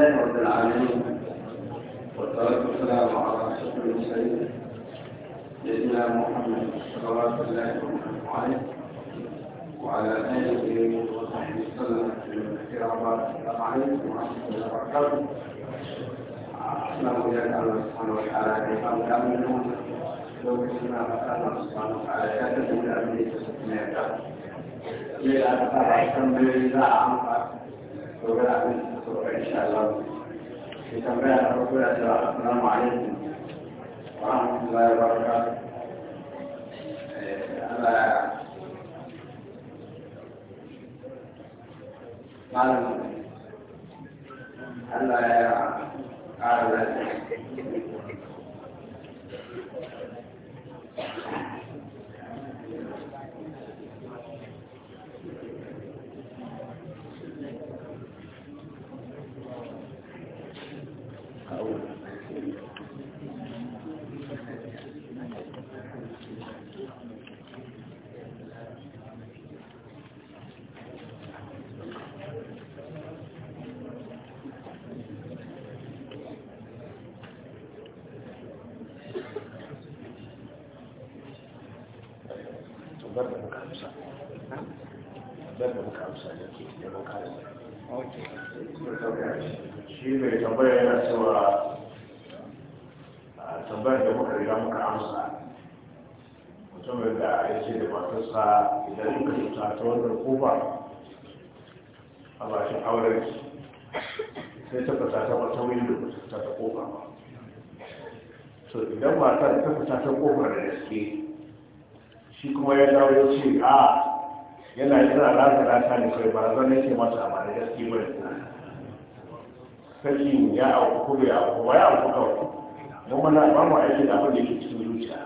لله رب العالمين والصلاة والسلام على أشرف المسلمين سيدنا محمد صلوات الله وسلامه عليه وعلى آله وصحبه وسلم في وبارك عليكم ورحمة الله وبركاته أحسنه إلى الله سبحانه وتعالى كيفما تأمنون لو كنا مكانا سبحانه وتعالى كاتب من أمنية سبحانه وتعالى لأن ترى الحمد لله عن وقال عبد الصبح إن شاء الله في تنبيه الرسول السلام عليكم ورحمة الله وبركاته أنا معلم أنا أعرف shi mai tambaya yana cewa tambayar da muka riga muka amsa mutumin da ya ce da matarsa idan muka cuta ta wannan kofa a bashin auren sai ta fata ta wata windo ta fita ta kofa ba to idan matar ta fata ta kofa da gaske shi kuma ya dawo ya ce a yana yana razana ta ne kai ba zan yake mata amma da gaske ba sai ya auku ko ya auku ba ya auku kawai mu muna ba mu aiki da abin da yake cikin zuciya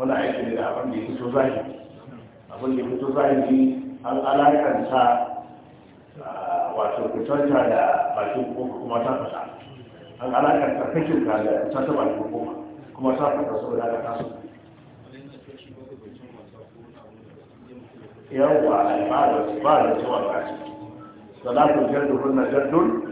muna aiki da abin da yake so zahiri abin da yake so zahiri an alakanta ah, wato fitanta da bakin kofa kuma ta fasa an alakanta kashin ka da ta ta bakin kofa kuma ta fasa saboda ka taso yawwa ba da ba da cewa ba salatun jardun na jardun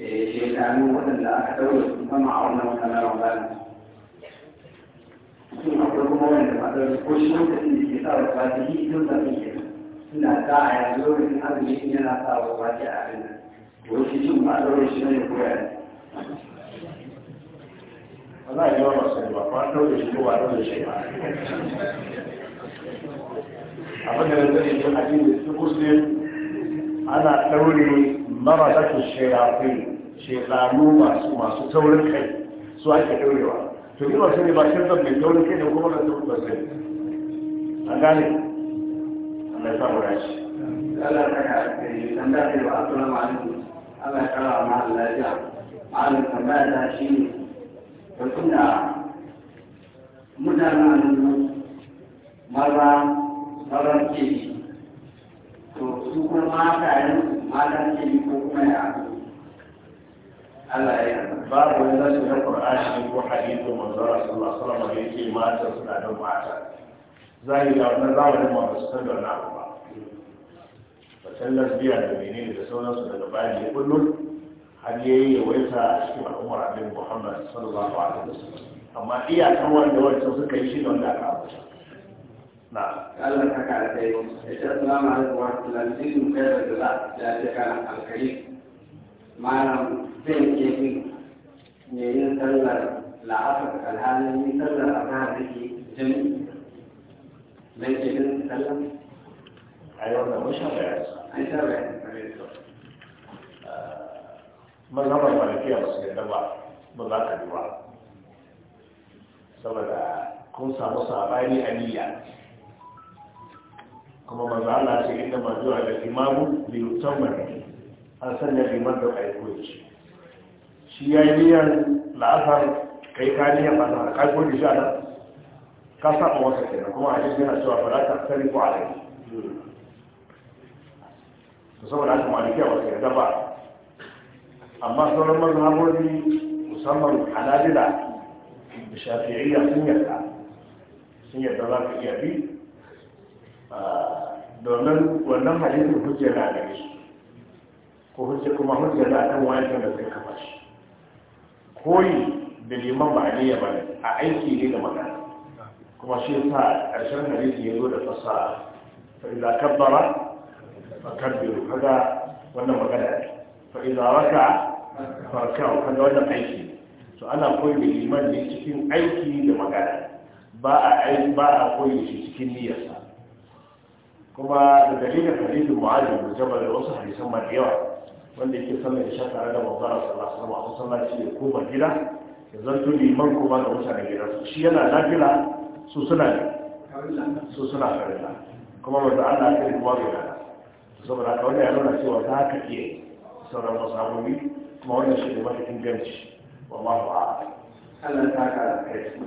Eh, shekaru waɗanda aka ɗaure su sama a wannan wata na ramadan sun akwai kuma wanda ba ɗaure ko shi lokacin da ke sa wa fati yi tun da ke suna a yanzu lokacin azumi yana sa wa fati a abin nan ko shi jin ba ɗaure shi ne ko yana yi wa ba ɗaure shi ko ba ɗaure shi ba abin da na sani shi hadin da su ana ɗaure maradatu shayafi shekaru masu taurin kai su ake ɗaurewa to yi wasu ne ba shirkan mai taurin kai da kuma kan taurin basai an gane Allah ya samu rashi da shi mutanen maza maza ke to su kuma matayen matan ke ko kuma ya Allah ya babu wani zasu na Qur'ani ko hadisi manzo Rasulullah sallallahu alaihi wasallam yake mata suna da mata zai da wannan zamanin ma su san da na ba fatan lasbiya da menene da sauransu daga bayan ya kullum har yayi ya waita a cikin al'ummar Annabi Muhammad sallallahu alaihi wasallam amma iya iyakan wanda wancan suka yi shi don da aka ambata نعم قال لك على خير السلام عليكم ورحمه الله نسيت مكافاه الله لانك على خير malam zai ke bin me yin sallar la'asar alhalin yin sallar a kan riki jin mai ke bin sallar a yau da mashan bayan an sha bayan mazhabar malafiya ba su yadda ba ba za ka ba saboda kun samu sabani a niyya kuma manzo Allah ce inda ma zuwa da imamu li yusamma an sanya liman da kai koyi shi ya yi niyyar la'asar kai ka niyyar ba ta kai koyi shi ana ka saba wasa kenan kuma a cikin yana cewa ba za ta sani ko alai to saboda haka malikiya ba ta yarda ba amma sauran mazhabobi musamman hanabila da shafi'iyya sun yarda sun yarda za ka iya bi domin wannan hadisin hujjar na gare shi ko hujjar kuma hujjar da kan wani da sai kafa shi koyi da liman ba a ne ba a aiki ne da magana kuma shi a ƙarshen hadisi ya zo da fasaha fa idza kabbara fa kabbiru kaga wannan magana ne fa idza raka fa raka'u kaga wannan aiki to ana koyi da liman ne cikin aiki da magana ba a ba a koyi shi cikin niyyarsa kuma da dalilin hadisin mu'adin da jabal da wasu hadisan ma da yawa wanda yake sallar da tare da manzara sallallahu alaihi wasallam shi ko koma gida ya zanto liman kuma ga mutanen gida shi yana nafila su suna su suna farilla kuma wanda Allah ya kuma bai hada saboda haka wannan ya nuna cewa za ka iya sauran masabobi kuma wannan shi ne mafi inganci wallahu a'lam Allah ta ka kai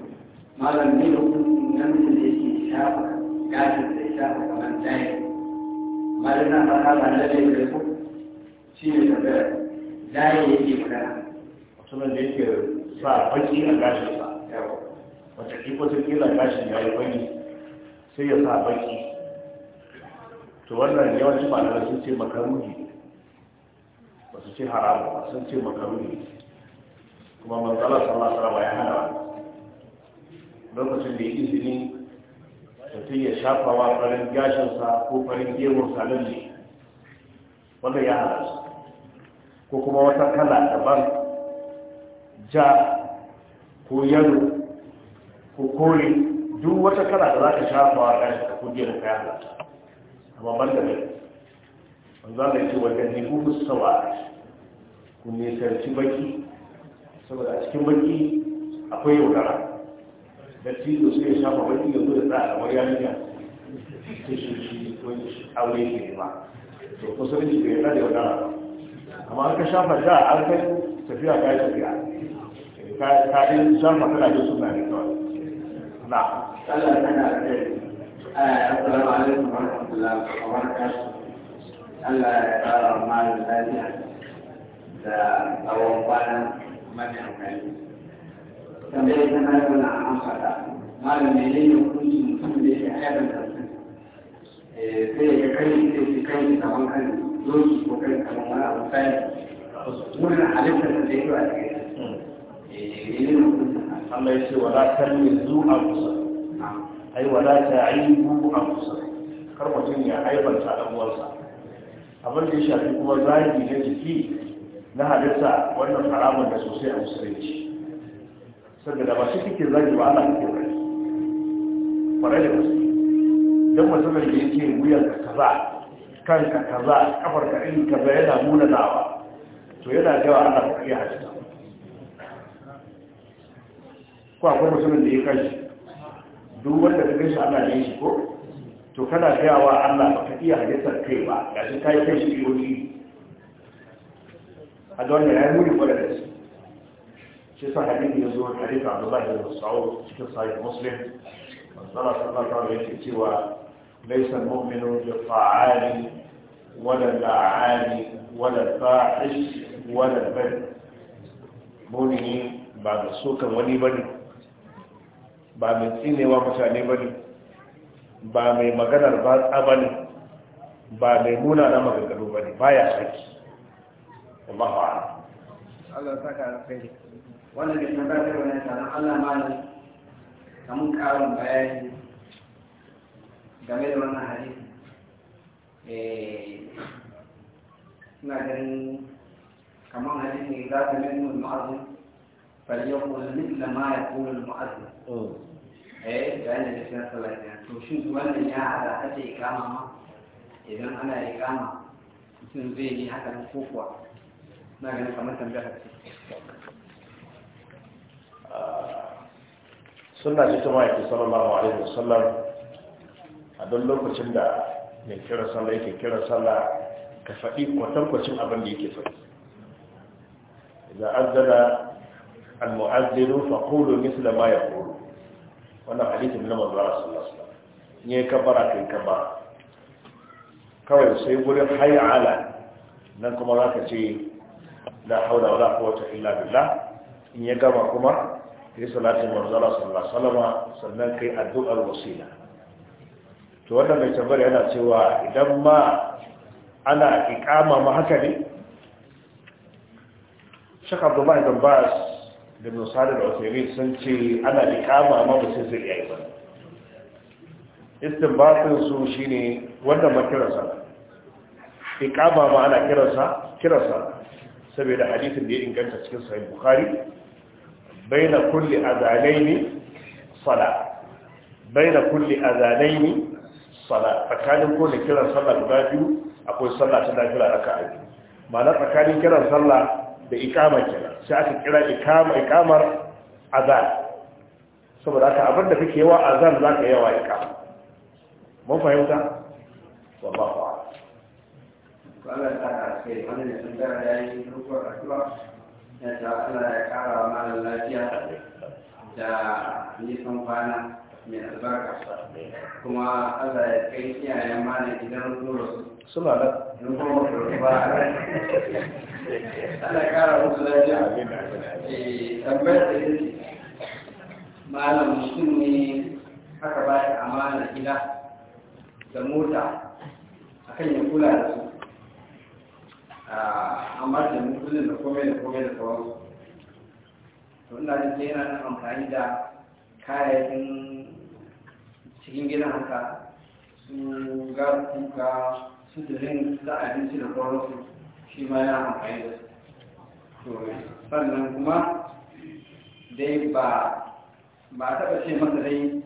malam ne da kun nan da yake shafa gashin da ya shafa kamar jayi amma da na fata da zai da su shi ne daga jayi yake magana nan da yake sa baki a gashin sa wata kiko ta kila gashi ya yi bani sai ya sa baki to wannan yawancin malamai sun ce makaruni ba su ce haramu ba sun ce makaruni kuma manzala sallallahu alaihi wasallam ya hana lokacin da ya izinin mutum ya shafa wa farin gashinsa ko farin gemunsa lalle wanda ya halarci. ko kuma wata kala daban ja ko yalo ko kore duk wata kala da za ka shafa wa gashinka ko ka ya halasu amma ban da mai wanda za ka ce wajen ne musu sawa ku ne sarci baki saboda a cikin baki akwai yaudara da tilo sai ya shafa baki ya zo da tsara wani yarinya ta shi wani aure ke ba to kusurci bai yarda da yaudara ba amma an ka shafa da an kai tafiya ka yi tafiya ka yi shafa kana jin suna ne kawai na Allah tana da Assalamu alaikum wa rahmatullahi wa barakatuh Allah ya ƙara malin lafiya da tsawon kwanan manyan kai tambaya ta na yau na amsa ta malam ne ne hukunci mutum da yake haifar da eh, sai ya kai sai su kai kaman kan doki ko kai kaman wani abu sai wannan halittar da yake a cikin eh, ne ne hukunci Allah ya ce wala tarmizu anfusakum ai wala ta'ibu anfusakum kar mutum ya aibanta dan uwansa abin da ya shafi kuma zagi na jiki na halitta wannan haramun da sosai a musulunci saboda ba shi kike zagi ba ana kike wani kwarai da wasu don musamman da yake wuyan ka kaza kanka kaza kafar ka in kaza yana da nawa to yana jawa ana kwarai hajjita ko akwai musamman da ya shi. duk wanda ka shi Allah ne shi ko to kana gayawa Allah ba ka iya halittar kai ba ga shi kai kai shi iyoyi a ga wannan ya yi muni kwarai da shi shi sa hadisi ya zo hadisi Abdullahi bin Mas'ud cikin sahih Muslim sallallahu alaihi yake cewa laysa mu'minu bi ta'ani wala la'ani wala fahish wala bad mu'mini ba da sokan wani bane ba mai tsinewa mutane bane ba mai maganar ba tsabani ba mai muna na magagaru bane baya saki Allahu a'lam Allah saka wannan da shi bai ta wani tsaron Allah malam mun karin bayani game da wannan hadisi eh, ina ganin kamar hadisi za ta mai nuna ma'azin ya مثل ما يقول المؤذن eh da yana da shirin salatiya to shi wannan ya hada ake ikama ma idan ana ikama mutum zai yi haka nan kuwa na ganin kamar tambayar ce suna ce ta ma'aikin sallallahu alaihi wasallam a don lokacin da mai kira sallah yake kira sallah ka faɗi kwatankwacin abin da yake faɗi idan azzana al-mu'azziru fa qulu da ma kulu wannan hadithin na manzo Allah sallallahu alaihi wasallam ne kabara kai kabara kawai sai wurin hayi ala nan kuma za ka ce la haula wala quwwata illa billah in ya gama kuma yi salatin manzala sallallahu alaihi wasallam sannan kai addu'ar wasila to wannan mai tambayar yana cewa idan ma ana iqama ma haka ne Sheikh Abdullah ibn Bas da Ibn da al-Uthaymeen sun ce ana iqama ma ba sai zai yi ba istinbatin su shine wannan makiransa iqama ma ana kiransa kiransa saboda hadisin da ya inganta cikin sahih Bukhari baina kulli azalaini sala baina kulli azalaini sala tsakanin kowane kiran sallah guda biyu akwai sallah ta lafiya raka a biyu tsakanin kiran sallah da ikama kira sai aka kira ikama ikamar saboda haka abin da kake yawa azan za ka yawa ikama mun fahimta wallahu a'lam قال تعالى في هذه السنة لا يجوز الرجوع yadda Allah ya kara wa malar lafiya da nisan kwana mai albarka kuma Allah ya kai iyayen malar gidan nuru suna da Allah ya kara musu lafiya eh, tambayar da yake malam mutum ne haka ba shi amanar gida da mota akan ya kula da su an ba da mutunin da kome da komai da sauransu to ina da ke yana amfani da kayayyakin cikin gidan haka su ga kuka su dirin da abinci da sauransu shi ma yana amfani da su sannan kuma dai ba ba a taɓa ce masa dai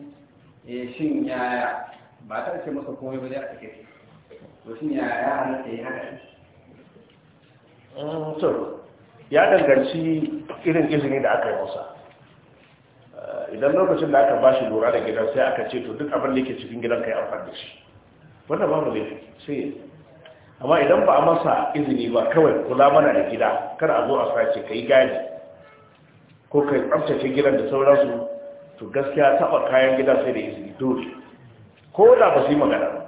eh, shin yaya ba a taɓa ce masa komai ba dai a cikin to shin yaya ya halatta ya haka Mm, to ya danganci irin izini da aka yi wasa eh, idan lokacin da aka ba shi lura da gidan sai aka ce to duk abin da ke cikin gidan ka yi amfani da shi wannan babu ne, sai amma idan ba a masa izini ba kawai kula mana da gida kar a zo a sace ka yi gani ko kai tsabtace gidan da sauransu to gaskiya taɓa kayan gida sai da izini dole ko da ba su yi magana ba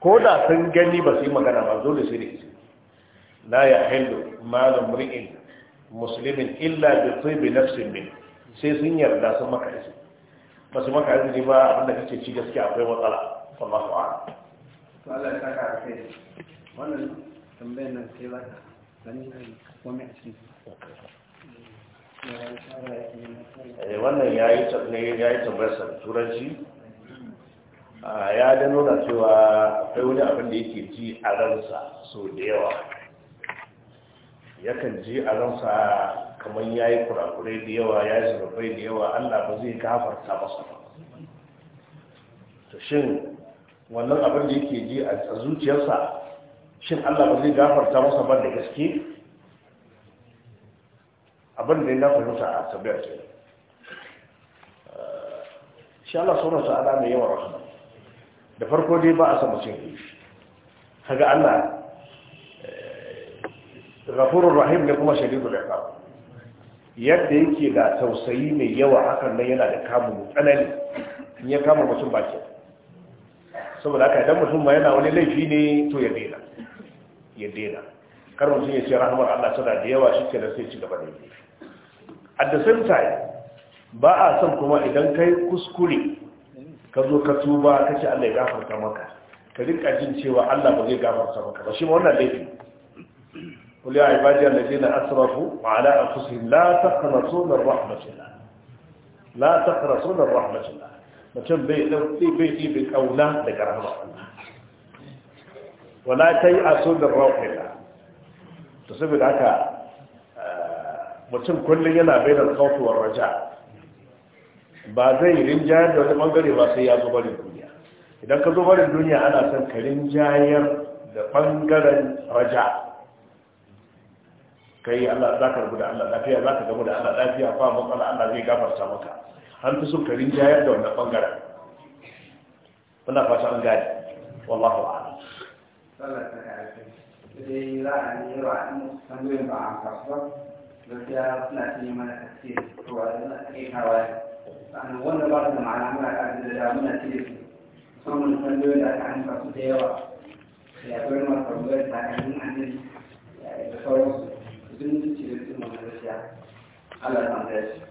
ko da sun gani ba su yi magana ba dole sai da izini la yahillu malu mri'in muslimin illa bi tibi nafsin min sai sun yarda sun maka izini ba su maka izini ba abinda kake ci gaskiya akwai matsala wallahu a'lam to Allah ya saka kai wannan tambayar nan sai ba ta sani ne ko me ake wannan ya yi tambayar turanci ya da nuna cewa akwai wani abin da yake ji a ransa sau da yawa yakan ji a ransa kamar ya yi kurakurai da yawa ya yi zurfai da yawa allah ba zai gafarta masa ba to shin wannan abin da yake ji a zuciyarsa shin allah ba zai gafarta masa ba da gaske abin da ya fahimta a tabbiyar ce eh, shi allah sauran sa'ada mai yawan rahama da farko dai ba a samu cin kaga allah ghafurur rahim ne kuma shadidul iqab yadda yake da tausayi mai yawa hakan nan yana da kamun tsanani in ya kama mutum baki saboda haka idan mutum ma yana wani laifi ne to ya daina ya dena kar mutum ya ce rahmar Allah tana da yawa shi kenan sai ci gaba da yi at the same time ba a son kuma idan kai kuskure ka zo ka tuba ka ce Allah ya gafarta maka ka rinka jin cewa Allah ba zai gafarta maka ba shi ma wannan laifi قل يا عبادي الذين أسرفوا وعلى أنفسهم لا تقنصوا من رحمة الله لا تقنصوا من رحمة الله mutum bai ɗauki bai yi bai ƙauna daga rahama wala ta yi aso da rawaƙila to saboda haka mutum kullum yana bai da kautuwar raja ba zai rinjayar da wani ɓangare ba sai ya zo barin duniya idan ka zo barin duniya ana son ka rinjayar da ɓangaren raja kai Allah za ka rubu da Allah lafiya za ka gamu da Allah lafiya ba matsala Allah zai gafarta maka an fi sun karin jayar da wannan bangaren muna fata an gadi wallahu a'lam sai za a yi yawa an tambayin ba a kasuwa gaskiya suna cinye mana tafsir to a yana ake kawai sannan wanda ba su da ma'ana muna ƙarfi da muna cire su musamman tambayoyin da aka hanka su da yawa da ya kawai masu tambayar da ya yi an da sauransu zumunci da su mai gaskiya Allah ya san shi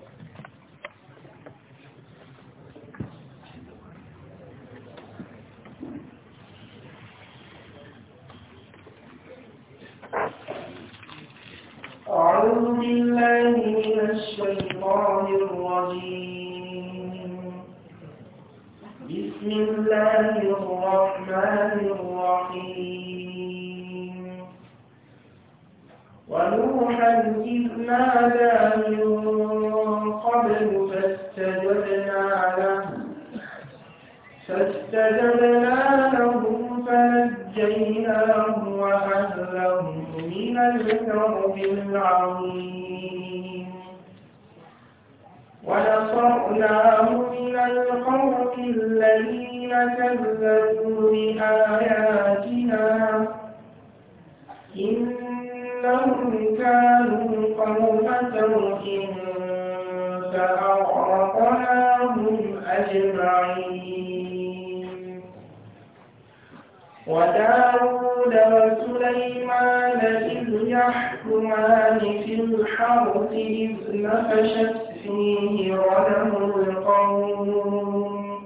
أعوذ بالله من الشيطان الرجيم بسم الله الرحمن الرحيم ونوحا إذ نادى من قبل فاستجبنا له فاستجبنا له فنجيناه وأهله من الكرب العظيم ونصرناه من القوم الذين كذبوا بآياتنا إنهم كانوا قوم سوء فأغرقناهم أجمعين وداود وسليمان إذ يحكمان في الحرث إذ نفشت فيه غنم القوم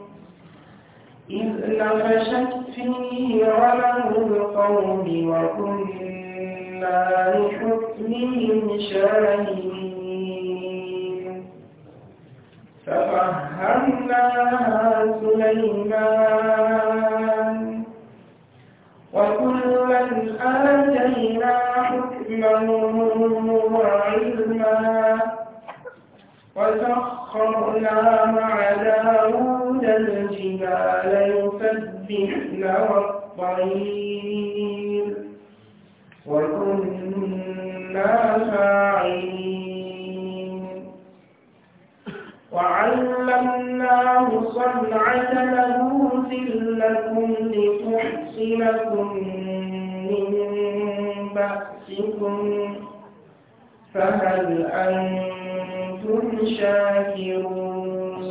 إذ نفشت فيه غنم القوم وكنا ما لحكمهم شاهدين ففهمناها سليمان وكلا آتينا حكما وعلما وسخرنا مع داود الجبال يسبحن والطير وكنا فاعلين وعلمناه صنعة لبوس لكم لتحصنكم من بأسكم فهل أنتم شاكرون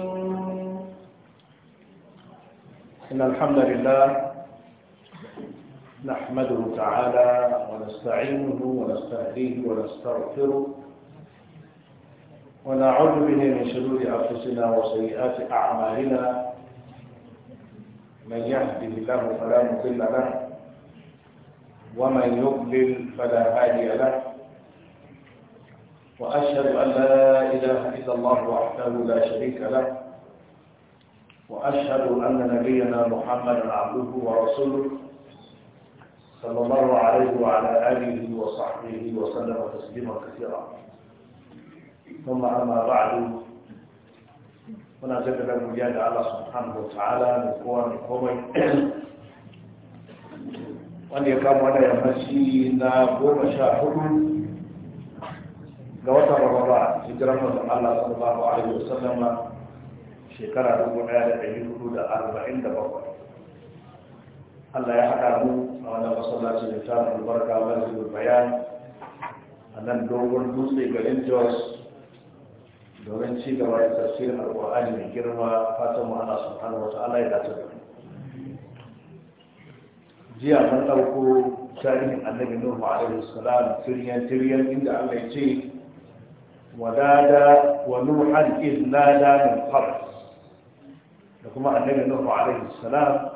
إن الحمد لله نحمده تعالى ونستعينه ونستهديه ونستغفره ونعوذ به من شرور أنفسنا وسيئات أعمالنا من يهده الله فلا مضل له ومن يضلل فلا هادي له وأشهد أن لا إله إلا الله وحده لا شريك له وأشهد أن نبينا محمدا عبده ورسوله صلى الله عليه وعلى آله وصحبه وسلم تسليما كثيرا ثم أما بعد هنا جدنا مجال الله سبحانه وتعالى من قوى من قومي وأن يقام أنا يمسينا قوم شاحب لوطا رمضان هجرة من الله صلى الله عليه وسلم شكرا لكم على أن يكونوا أربعين دقائق الله يحكم وأنا وصلى الله عليه وسلم البركة الله في البيان أن دوغون دوسي بلنجوس دوغون شيء كما يتسير القرآن من كرما فاتم الله سبحانه وتعالى إلى تبعه جي أمن أوكو شارين أن نبي نوح عليه السلام تريان تريان إن دعم يتي ودادا ونوحا إذ نادا من قبل لكما أن نبي نوح عليه السلام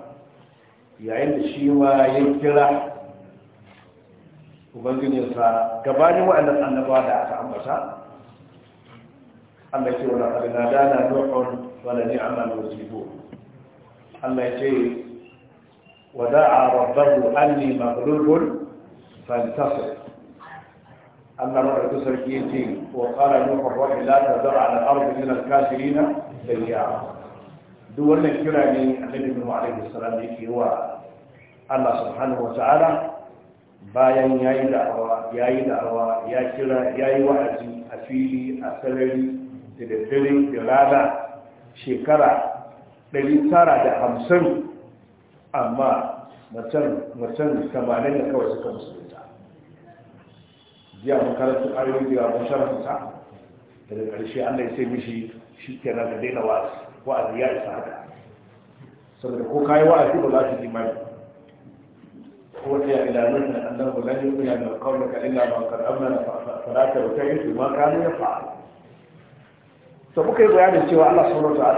yayin da shi ma ya kira ubangijinsa gabanin waɗannan annabawa da aka ambata Allah ce wani na dana nufin wani ni'amar wajibu Allah ce wada'a rabbahu anni maghlubun fantasir Allah maɗauki sarki ya ce wa ƙara nufin wani la ta zara al'arzu min al-kafirina da ya duk wannan kira ne annabi Nuhu alaihi salam yake wa Allah subhanahu wata'ala bayan yayi da'awa yi da'awa ya kira ya yi wa'azi a fili a sarari da daddare da rana shekara 950 amma mutum tamanin da kawai suka musulunta jiya makarantar ayoyi da yawon ta. daga ƙarshe allah ya sai mishi shi kenan da daina wasu wa'azi ya isa haka saboda ko kayi wa'azi ba za su ji mai وهي إلى من أنه لن يؤمن من قولك إلا من قد أمن Ta'ala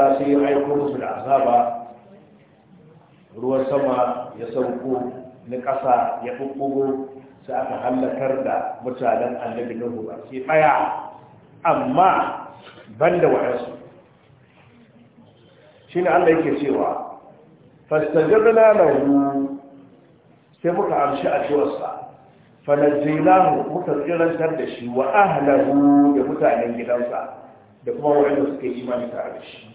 aiko musu da azaba. ruwan sama ya sauko na ƙasa ya ɓuɓɓugo sai aka hallakar da mutanen annabi nuhu a ke amma ban da ne Allah yake cewa fastajabna lahu sai muka amshi a cewarsa fanajjinahu muka tsirantar da shi wa ahlahu da mutanen gidansa da kuma waɗanda suka yi imani tare da shi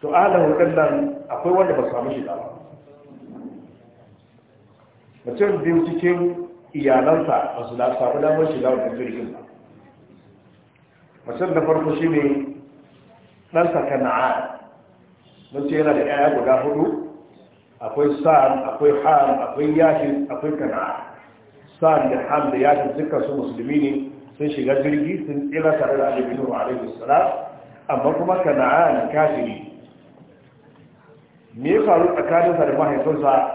to ahlahu kallan akwai wanda ba su samu shiga ba mutum biyu cikin iyalansa ba su samu damar shiga wannan jirgin ba mutum na farko shi ne ɗansa kana'a mun ce yana da ƴaƴa guda hudu akwai sa'ad akwai ham akwai yashin akwai kana'a sa'ad da ham da yashin dukkan su musulmi ne sun shiga jirgi sun tsira tare da alibi nuhu alaihi salam amma kuma kana'a na kafiri me ya faru tsakaninsa da mahaifinsa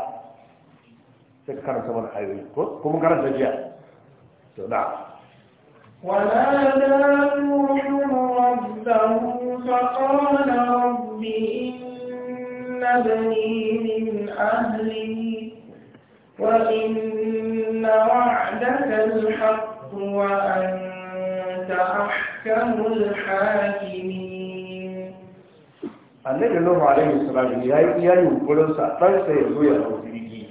sai ka karanta mana ayoyi ko kuma karanta jiya to na ولا da nuhu rabbahu فقال رب إن بني من أهلي وإن وعدك الحق وأنت أحكم الحاكمين annabi Nuhu alaihi salam ya yi iya yunkurin sa dan sa ya zo ya hau jirgi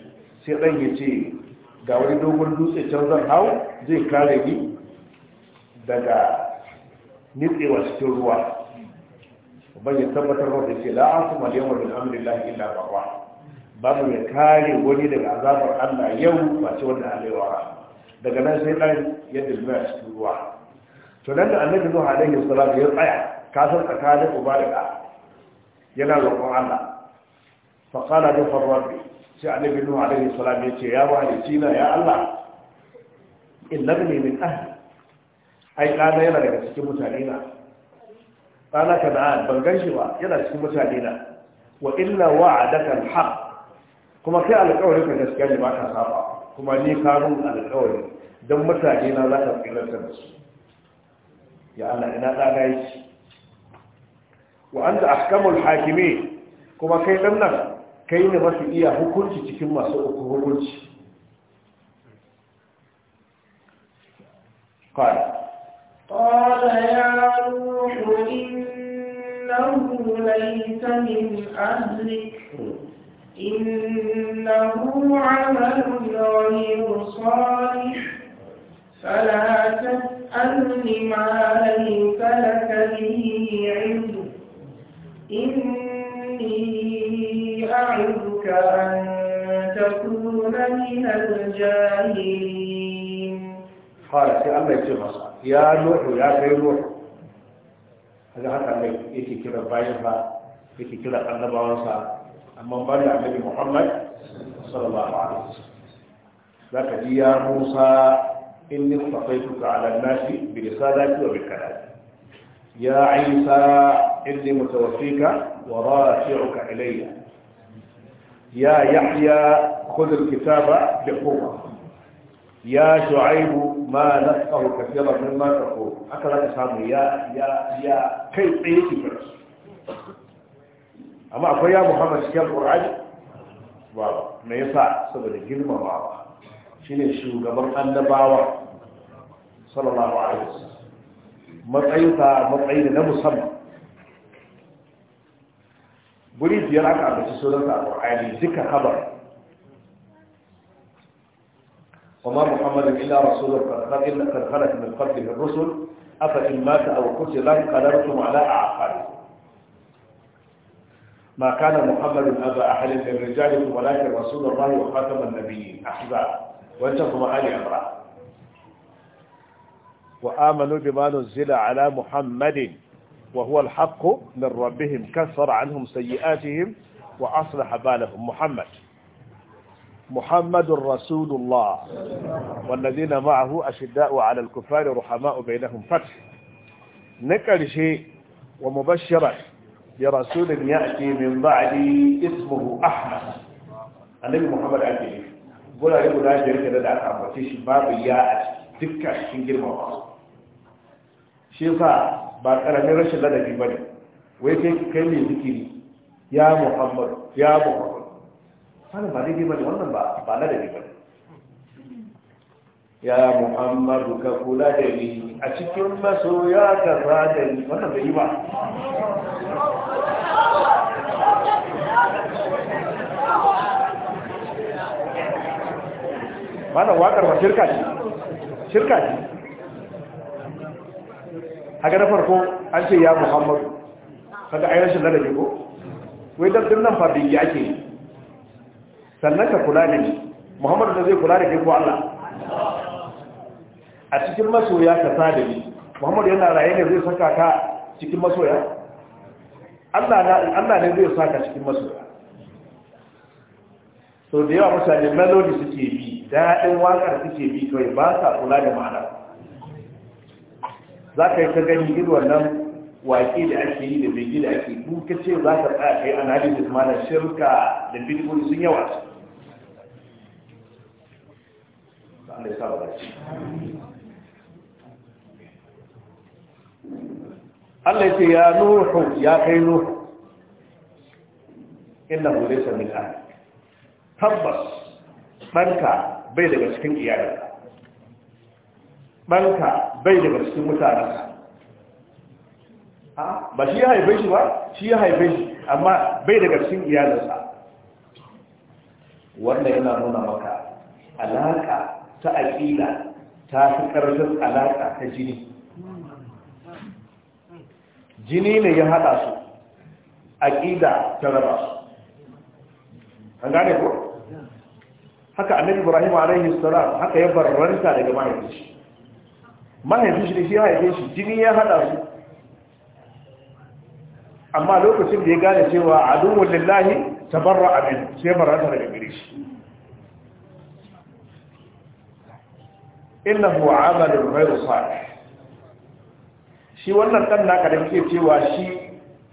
sai dan ya ce ga wani dogon dutse can zan hau zai kare ni daga nitsewa cikin ruwa ban ya tabbatar masa ce la asu mal yawma min amrillahi illa barra babu ya kare wani daga azabar Allah yau ba ce wanda Allah ya daga nan sai dan yadda dilma a cikin ruwa to nan da annabi zuwa alaihi salatu ya tsaya ka san tsakanin uba da ɗa yana roƙon Allah fa qala da farrabi sai annabi nuhu alaihi Salatu ya ce ya wahalici na ya Allah in labni min ahli ai ɗana yana daga cikin mutane na kana kana ban ganshi ba yana cikin mutane na wa illa wa'adaka alhaq kuma kai alƙawarin ka gaskiya ne ba ka saba kuma ni ka mun alƙawari dan mutane na zaka ka da su ya Allah ina dana yake wa anta ahkamul hakimi, kuma kai dan nan kai ne mafi iya hukunci cikin masu uku hukunci قال قال يا نوح إنه ليس من أهلك إنه عمل غير صالح فلا تسألني ما ليس لك به علم إني أعظك أن تكون من الجاهلين قال في أمر يتغصى يا نوح يا سيد نوح هذا حتى لي إيكي كرا بايفا إيكي كرا قلبا وانسا أما مبالي عمي محمد صلى الله عليه وسلم لك يا موسى إني اصطفيتك على الناس برسالتي وبكلامي يا عيسى إني متوفيك ورافعك إلي يا يحيى خذ الكتاب بقوة ya shu'aibu ma nasqahu kathira min ma taqul haka zaka samu ya ya ya kai tsaye ki fara amma akwai ya muhammad cikin qur'an ba me yasa saboda girmama shine shugaban annabawa sallallahu alaihi wasallam matsayinsa matsayi na musamman guri biyar aka ambaci sauransa a ƙwarari duka habar وما محمد إلا رسول قد خلت من قبله الرسل أفإن مات أو قتل قدرتم على أعقابكم ما كان محمد أبا أحد من رجالكم ولكن رسول الله وخاتم النبيين أحزاب وانتم آل عمران وآمنوا بما نزل على محمد وهو الحق من ربهم كفر عنهم سيئاتهم وأصلح بالهم محمد محمد رسول الله والذين معه أشداء على الكفار رحماء بينهم فتح نكر شيء ومبشرا برسول يأتي من بعدي اسمه أحمد النبي محمد عليه قول عليه قول عليه لا ده أحمد تيش باب يا دكة شنجر مواصل شيخا ba karamin rashin ladabi ba ne wai kai kai ne zikiri ya muhammad ya muhammad wannan ba daidai ba ne wannan ba ba na daidai ba ne ya muhammadu ka kula da ni a cikin maso ka ba da ni wannan bai yi ba wannan Waƙar ba shirka ce shirka ce haka na farko an ce ya muhammadu kaga ainihin shi ladabi ko wai dabdin nan fabi yake yi sannan ka kula da shi. muhammadu da zai kula da kai ko Allah a cikin masoya ka sa da ni muhammadu yana raye ne zai saka ka cikin masoya Allah ne zai saka cikin masoya so da yawa mutane melody suke bi daɗin waƙar suke bi kawai ba sa kula da ma'ana za ka yi ta gani irin wannan waƙi da ake yi da bai da ake duka ce za ka tsaya kai analysis mana shirka da bitcoin sun yawa Allah sa ba Allah ya ce ya nuhu ya kai nuhu Ina hu laysa min ahli tabbas ɗanka bai daga cikin iyayen, ɗanka bai daga cikin mutanenka ah, ba shi ya haife shi ba shi ya haife shi amma bai daga cikin iyalinsa wannan yana nuna maka alaƙa ta aƙila ta fi ƙarfin alaƙa ta jini jini ne ya haɗa su aƙida ta raba su an gane ko haka annabi ibrahim alaihi salam haka ya barranta daga mahaifin shi mahaifin shi ne shi haifin shi jini ya haɗa su amma lokacin da ya gane cewa aduwwul lillahi tabarra amin sai barranta daga gare shi innahu amalun ghayru salih shi wannan dan naka da kike cewa shi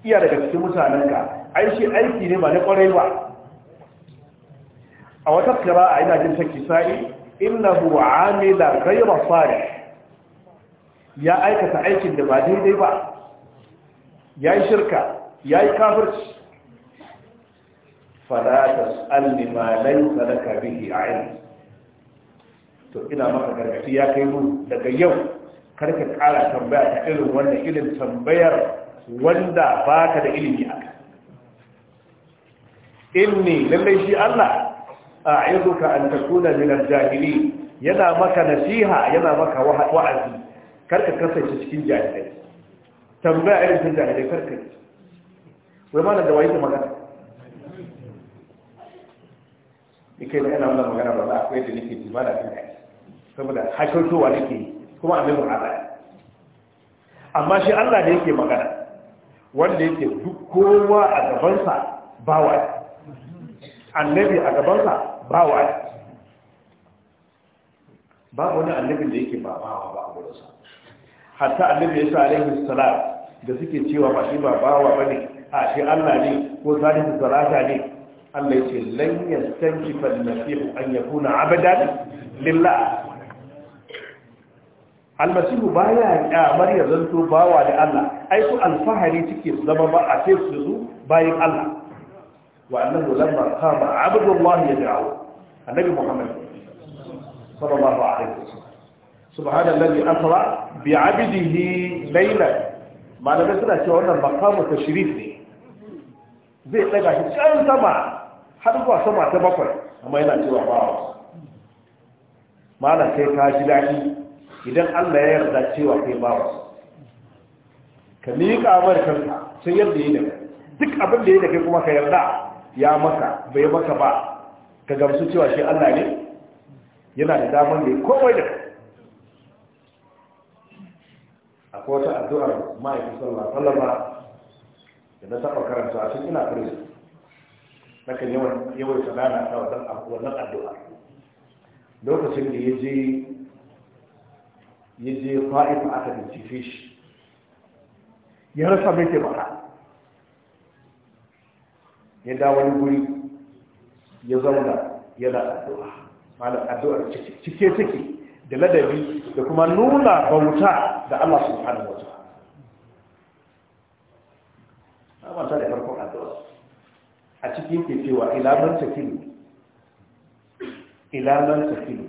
iya daga cikin mutanenka ai shi aiki ne ba na kwarai ba a wata qira'a ina jin take sai innahu amila ghayru salih ya aikata aikin da ba daidai ba yayi shirka yayi kafirci fala tas'alni ma laysa laka bihi 'ilm to ina maka gargaɗi ya kai mu daga yau kar ka ƙara tambaya ta irin wannan irin tambayar wanda baka da ilimi a inni lallai shi Allah a'iduka an takuna min al-jahili yana maka nasiha yana maka wa'azi karka kasance cikin jahilai tambaya irin ta jahilai karka wai ma da waye ta magana ni kai da ina magana ba za a kai da nake ji ba da kai saboda haikotowa nake kuma abin mu'ada amma shi Allah da yake magana wanda yake duk kowa a gabansa bawa annabi a gabansa bawa ba wani annabin da yake ba wa ba a gurinsa hatta annabi ya sa alaihi salam da suke cewa ba shi ba bawa ba ne a shi Allah ne ko salihu salata ne Allah ya ce lan yastankifa al-masih an yakuna abadan lillah almasihu baya kyamar ya zanto bawa da Allah ai su alfahari suke zama ba a sai su zu bayan Allah wa annahu lamma qama abdullah yad'u annabi muhammad sallallahu alaihi wasallam subhanallazi asra bi 'abdihi laylan malamai suna cewa wannan maqamu tashrif ne zai daga shi can sama har zuwa sama ta bakwai amma yana cewa bawa malam sai ka ji daɗi idan Allah ya yarda cewa kai bawa ka miƙa kan kanka sun yadda yi daga. duk abin da yi daga kuma ka yarda ya maka bai maka ba ka gamsu cewa shi Allah ne yana da damar da ya komai da kai addu'ar ma'aikin sallah sallama da na saba karanta a cikin ina na kan yawan yawan sanana a wannan addu'ar. lokacin da ya je ya je fa'ifa aka bincike shi ya rasa mai ke baka ya da wani guri ya zauna yana addu'a mana addu'ar cike cike da ladabi da kuma nuna bauta da Allah su wa wata amanta da farkon addu'a a cikin ke cewa ilaman tafilu ilaman tafilu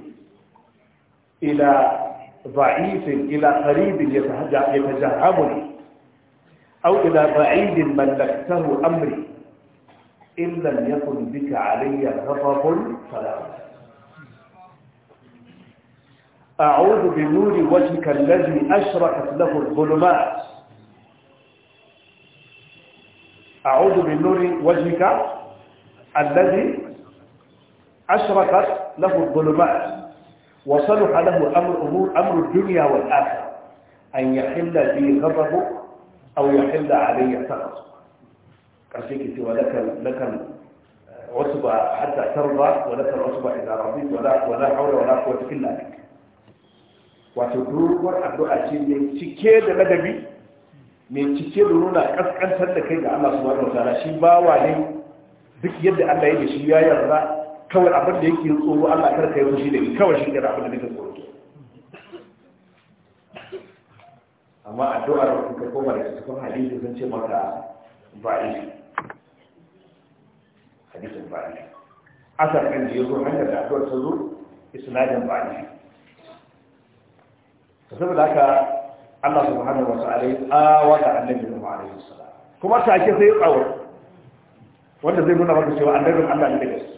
ila ضعيف إلى قريب يتجهمني أو إلى بعيد ملكته أمري إن لم يكن بك علي غضب فلا أعوذ بنور وجهك الذي أشرقت له الظلمات أعوذ بنور وجهك الذي أشرقت له الظلمات وصلح له أمر أمور أمر الدنيا والآخرة أن يحل لي غضبه أو يحل علي سخطه كرشيك ولك لك عصبة حتى ترضى ولك العصبة إذا رضيت ولا ولا حول ولا قوة إلا بك وتدور الدعاء أشيل من cike da من mai cike da سنة kaskantar الله kai ga Allah subhanahu wa ta'ala shi bawa ne duk kawai abin da yake tsoro Allah kar kai wani shi da kawai shi da abin da nake tsoro amma da kuka koma da cikin hadisi sun ce maka ba'i hadisin ba'i asar kan da yazo hanyar da addu'ar ta zo isnadin ba'i saboda haka Allah subhanahu wa ta'ala ya wada annabi sallallahu alaihi wasallam kuma take sai ya tsawo wanda zai nuna maka cewa annabi Allah ne da gaske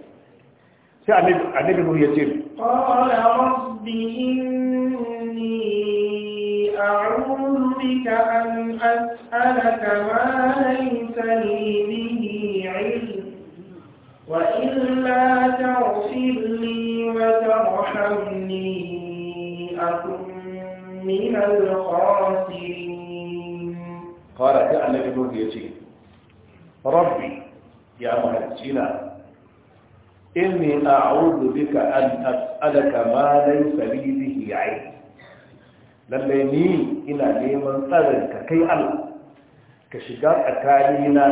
sai annabi nuhu ya ce qala rabbi inni a'udhu bika an as'alaka ma laysa li bihi 'ilm wa illa taghfir li wa tarhamni akun min al-khasirin qala sai annabi nuhu ya ce rabbi ya mahalicina inni a'udhu bika an as'alaka ma laysa li bihi 'ilm lalle ni ina neman tsarin ka kai Allah ka shiga tsakanina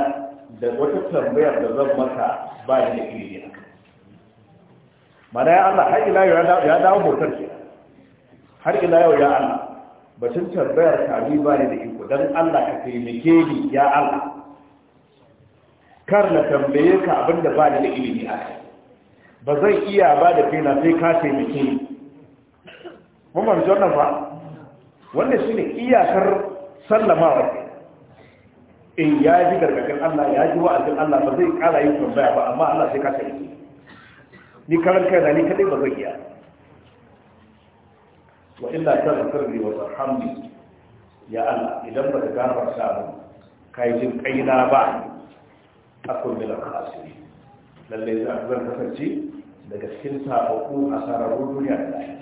da wata tambayar da zan maka ba da ilimi a mana ya Allah har ila yau ya dawo motar ke har ila yau ya Allah batun tambayar kami ba ne da iko don Allah ka taimake ni ya Allah kar na tambaye ka abinda da ba da ilimi a ba zan iya ba da kaina sai ka taimake ni mun fahimci wannan ba wanda ne iyakar sallamawa in ya ji gargadin Allah ya ji wa'azin Allah ba zai kara yin tambaya ba amma Allah sai ka taimake ni karan kai da ni kadai ba zan iya wa illa ta taghfirli wa tarhamni ya Allah idan ba ta ka gafarta Ka yi jin kaina ba akun bil khasiri lalle zan kasance daga cikin sababu a sararun duniya da lafiya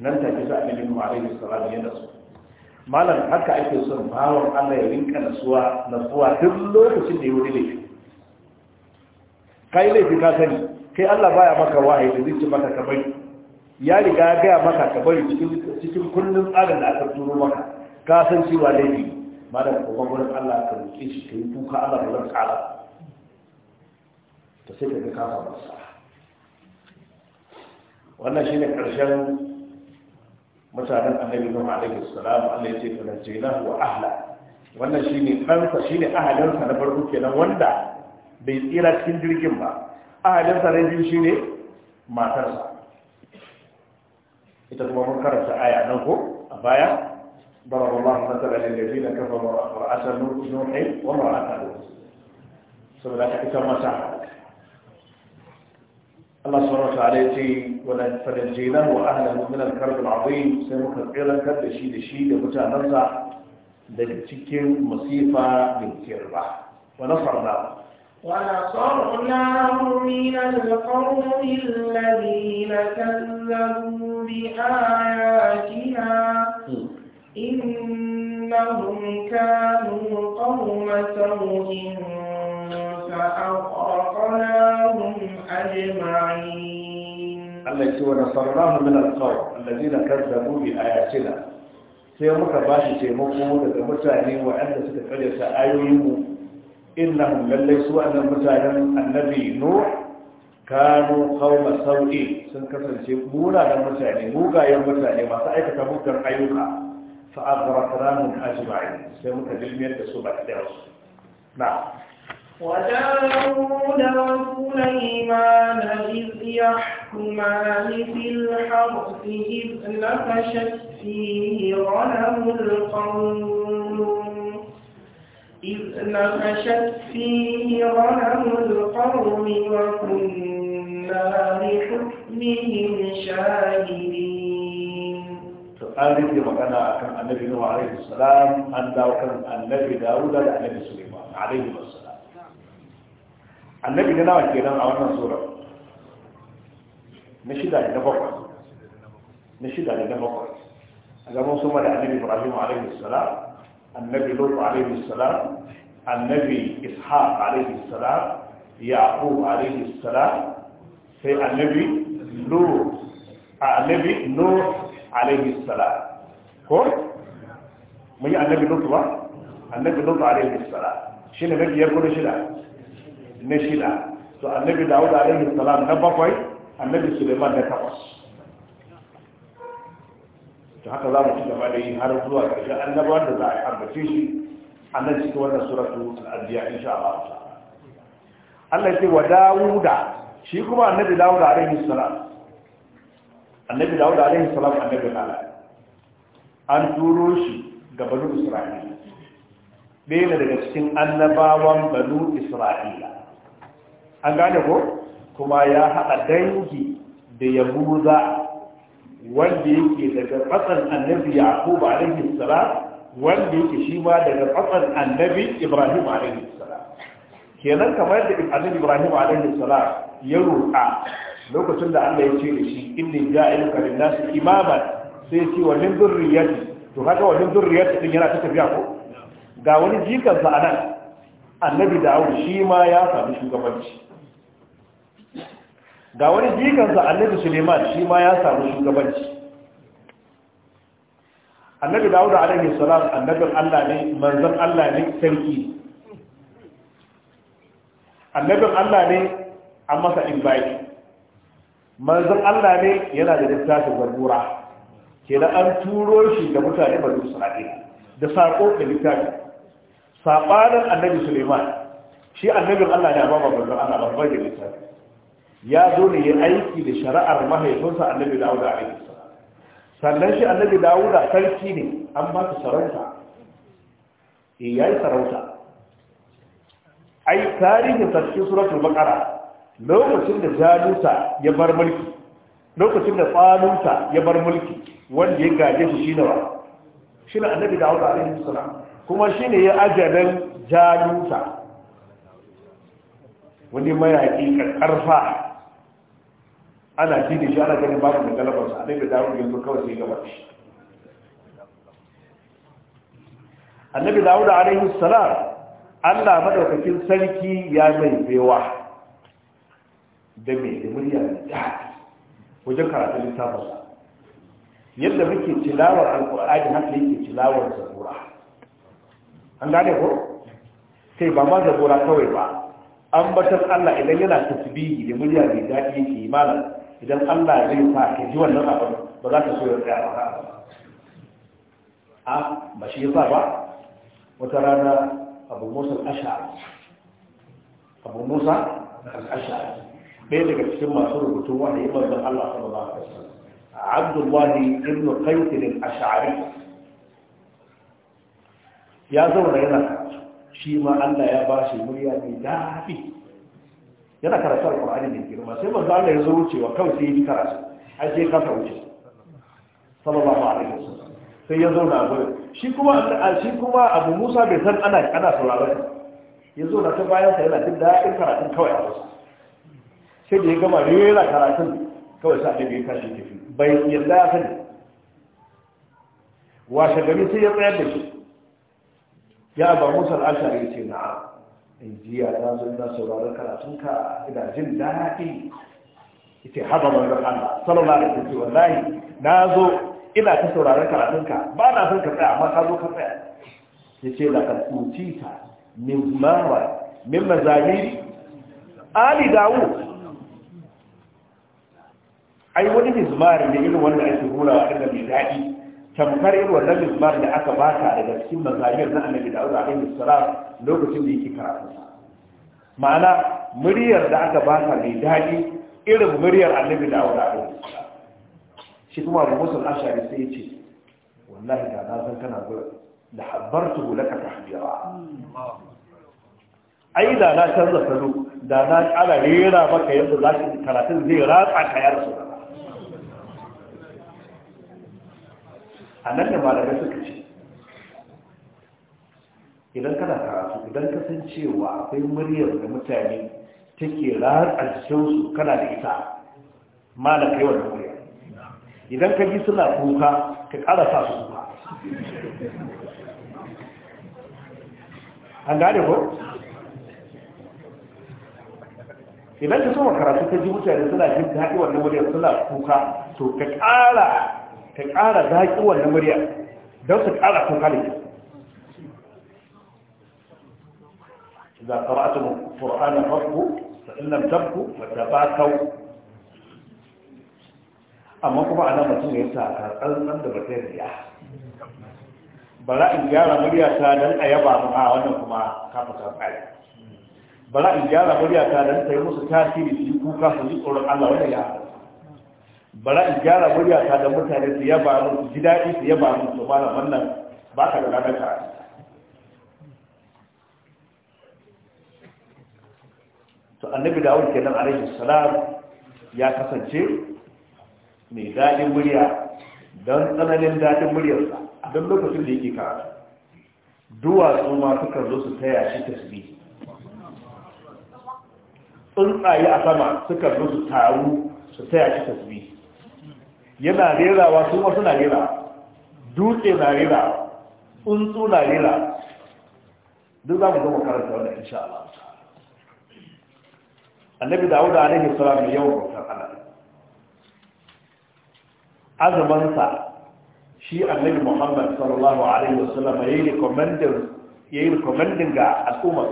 nan ta fi ilimin a da ma'alaihi salatu da su. malam haka ake son bawon allah ya rinka na nasuwa duk lokacin da ya wuri ne ka yi laifi ka sani kai allah baya maka wahayi da zai maka kamar. ya riga gaya maka ka cikin kullum tsarin da aka turo maka ka san cewa laifi malam kuma wurin allah ka roƙe shi ka yi kuka allah ba zan ƙara ta sai ka ga kafa masa wannan shine karshen mutanen annabi nuhu alaihi salam Allah ya ce fa najaynahu wa ahla wannan shine kansa shine ahalinsa na farko kenan wanda bai tsira cikin jirgin ba ahalinsa na ne shine matarsa ita kuma mun karanta aya nan ko a baya ضرب الله مثلا للذين كفروا امرأة نوح وامرأة لوط سبحانك كما mata. Allah sun rasu a ce, wane farajenar wa ahalar mummunan karfin abin sai muka tsirankar da shi da shi da mutanensa daga cikin masifa da kiyar ba. Wane farna ba? Wane farna mummunan karfin lalari na kallon bi a yakina hmm. inna hunka mummunan karfin sa'a ƙwaƙwarar mummunan Allah ya ce wa nasarnahu min al-qawm kazzabu bi ayatina sai muka ba shi taimako daga mutane waɗanda suka karyata ayoyinmu innahum lallai su wannan mutanen annabi nuh kanu qauma sau'i sun kasance da mutane mugayen mutane masu aikata mugan ayyuka fa aghraqnahum ajma'in sai muka jilmiyar da su ba da su na وداود وسليمان إذ يحكمان في الحرث إذ نفشت فيه غنم القوم إذ نفشت فيه غنم القوم وكنا لحكمهم شاهدين سؤال في مكان النبي نوح عليه السلام أن داود النبي داود النبي سليمان عليه السلام annabi na nawa kenan a wannan sura na shida da na bakwai na shida da na bakwai a gaban suma da annabi ibrahim alaihi salam annabi lut alaihi salam annabi ishaq alaihi salam yaqub alaihi salam sai annabi lut annabi nuh alaihi salam ko mun yi annabi lut ba annabi lut alaihi salam shine na biyar ko shida na shida to annabi dawud alaihi salam na bakwai annabi suleiman na takwas to haka za mu ci gaba da yi har zuwa ƙarshen annabawan da za a yi ambace shi a nan cikin wannan suratu al'adiyya insha Allah ta'ala Allah ya ce wa dawuda shi kuma annabi dawuda alaihi salam annabi dawuda alaihi salam annabi Allah an turo shi ga banu Isra'ila ɗaya daga cikin annabawan banu Isra'ila an gane ko kuma ya haɗa dangi da yahuza wanda yake daga fatsan annabi yaqub alaihi salam wanda yake shi ma daga fatsan annabi ibrahim alaihi salam kenan kamar da annabi ibrahim alaihi salam ya roƙa lokacin da Allah ya ce da shi inni ja'iluka lin-nasi imaman sai ce wa min dhurriyyati to haka wa min dhurriyyati din yana ta tafiya ko ga wani jikan sa anan annabi da'ud shi ma ya samu shugabanci ga wani jikansa annabi suleiman shi ma ya samu shugabanci annabi dawuda alaihi salam annabin allah ne manzan allah ne sarki annabin allah ne an masa invite manzan allah ne yana da littafin ke da an turo shi da mutane bari sa'adai da saƙo da littafi saɓanin annabi suleiman shi annabin allah ne a ba manzon allah ba da littafi ya zo ne ya aiki da shari'ar mahaifinsa annabi dawuda a aiki sannan shi annabi dawuda sarki ne an ba su sarauta e ya yi sarauta ai tarihin sarki suratul makara, lokacin da jalusa ya bar mulki lokacin da tsanunta ya bar mulki wanda ya gaje shi shine ba shine annabi dawuda alaihi suna, kuma shine ya ajalin jalusa wani mayaƙi ƙarfa ana ci da shi ana ganin ba da galabarsa a daga dawon yanzu kawai sai gaba shi annabi dawud alaihi salam Allah maɗaukakin sarki ya mai baiwa da mai da murya da wajen karatu littafin yadda muke tilawar alkur'ani haka yake tilawar zabura an gane ko sai ba ma zabura kawai ba An batar Allah idan yana tasbihi da murya mai daɗi yake imanar idan Allah zai sa ka ji wannan abin ba za ka so ya tsaya ba a ba shi yasa ba wata rana abu musa ash'ari abu musa ash'ari ɗaya daga cikin masu rubutun wani imar da Allah sallallahu alaihi wasallam abdullahi ibn qais al-ash'ari ya zauna yana shi ma Allah ya ba shi murya mai dafi. yana karatu alqur'ani da girma sai manzo Allah ya zo wucewa kawai sai ya ji karatu ai sai ka wuce sallallahu alaihi wasallam sai ya zo a gurin shi kuma shi kuma Abu Musa bai san ana ana sauraron ya zo na ta bayan sa yana jin daɗin karatun kawai a wasu sai da ya gama yana karatun kawai sa annabi ya kashi tafi bai yarda ya sani washe gari sai ya tsayar da shi ya Abu Musa al-Ashari ya ce na'am jiya ta zo ina sauraron karatunka ina jin daɗi ita haɗa da Allah sallallahu alaihi wasallam wallahi na zo ina ta sauraron karatunka ba na son ka tsaya amma ka zo ka tsaya yace la qutita min mawa min mazali ali dawo ai wani mizmar ne irin wanda ake hura wa kan mai daɗi tamkar irin wannan mismar da aka baka daga cikin mazahir na annabi da Allah alaihi salam lokacin da yake karatu ma'ana muryar da aka baka mai daɗi irin muryar annabi da Allah alaihi salam shi kuma Abu Musa al-Ashari sai ya ce wallahi da na san kana gurin da habbartuhu laka tahbira ai da na canza salo da na kala rera maka yadda za ka karatun zai ratsa ka yarsu da a nan da malamai suka ce idan kana karatu idan ka san cewa akwai muryar da mutane take ranar su kana da ita ma yawan kai idan ka ji suna kuka ka ƙara sa su kuka an gane ko? idan ka so karatu ka ji mutane suna jin daɗi wannan muryar suna kuka to ka kara ka ƙara zaƙi wannan murya don su ƙara kuka da za ka ba su ƙur'anin farko da illan tabku wadda ba kau amma kuma ana mutum ya sa ka tsantsan da ba zai riya Bala in gyara murya ta don a yaba mu a wannan kuma kafa ta tsari Bala in gyara murya ta don ta yi musu tasiri su yi kuka su yi tsoron allah wani ya bara in gyara murya ta da mutane su ya ba mu ji daɗi su ba mu su bana wannan ba ka da ranar ta to annabi dawud kenan alaihi salam ya kasance mai daɗin murya don tsananin daɗin muryarsa a don lokacin da yake karatu duwatsu ma sukan zo su taya shi tasbi. tsuntsaye a sama sukan zo su taru su taya shi tasbi. yana rerawa su wasu na rera dutse na rera tsuntsu na rera duk za mu zama karanta wannan insha Allah annabi dawud alaihi salam ne yawan bautar Allah azuman sa shi annabi muhammad sallallahu alaihi wasallam yayi recommending yayi recommending ga al'umma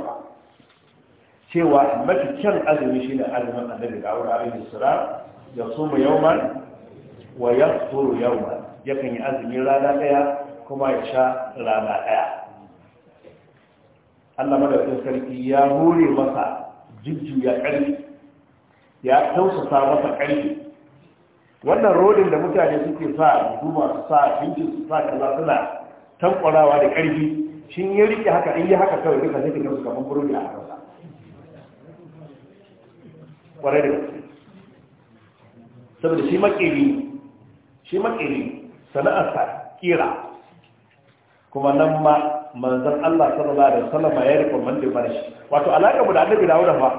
cewa mafi kyan azumi shi ne azumin annabi dawud alaihi salam ya suma yawman wa ya tsoro yawa kan yi azumin rana daya kuma ya sha rana daya allah madafin sarki ya hore masa ya ƙarfi ya tausasa masa ƙarfi wannan rodin da mutane suke sa duba su sa shinki su sa kaza suna tankwarawa da ƙarfi shin ya rike haka in yi haka kawai duka sai kika kamar burodi a haka kwarai da saboda shi makeri shi makiri sana'arsa kira kuma nan ma manzan Allah sallallahu alaihi wasallam ya rika mande shi. wato alaka mu da annabi Dawud fa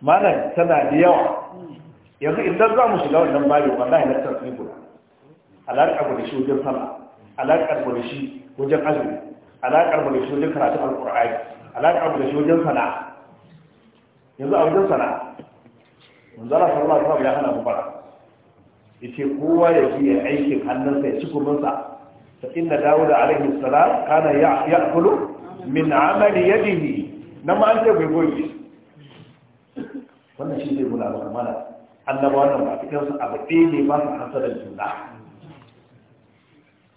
malam tana da yawa yanzu idan za mu shiga wannan babu wallahi na tarfi guda alaka mu da shi wajen sala alaka mu da shi wajen azumi alaka mu da shi wajen karatu alqur'ani alaka mu da shi wajen sana'a yanzu a wajen sana'a manzan Allah sallallahu alaihi wasallam ya hana mu fara yace kowa ya ji aikin hannunsa ya ci gumunsa ta inna dawuda alaihi salam kana ya'kulu min amali yadihi na ma an ce bai goyi wannan shi zai gula maka mana annaba wannan ba cikin su abu ɗaya ne ba su hasarar juna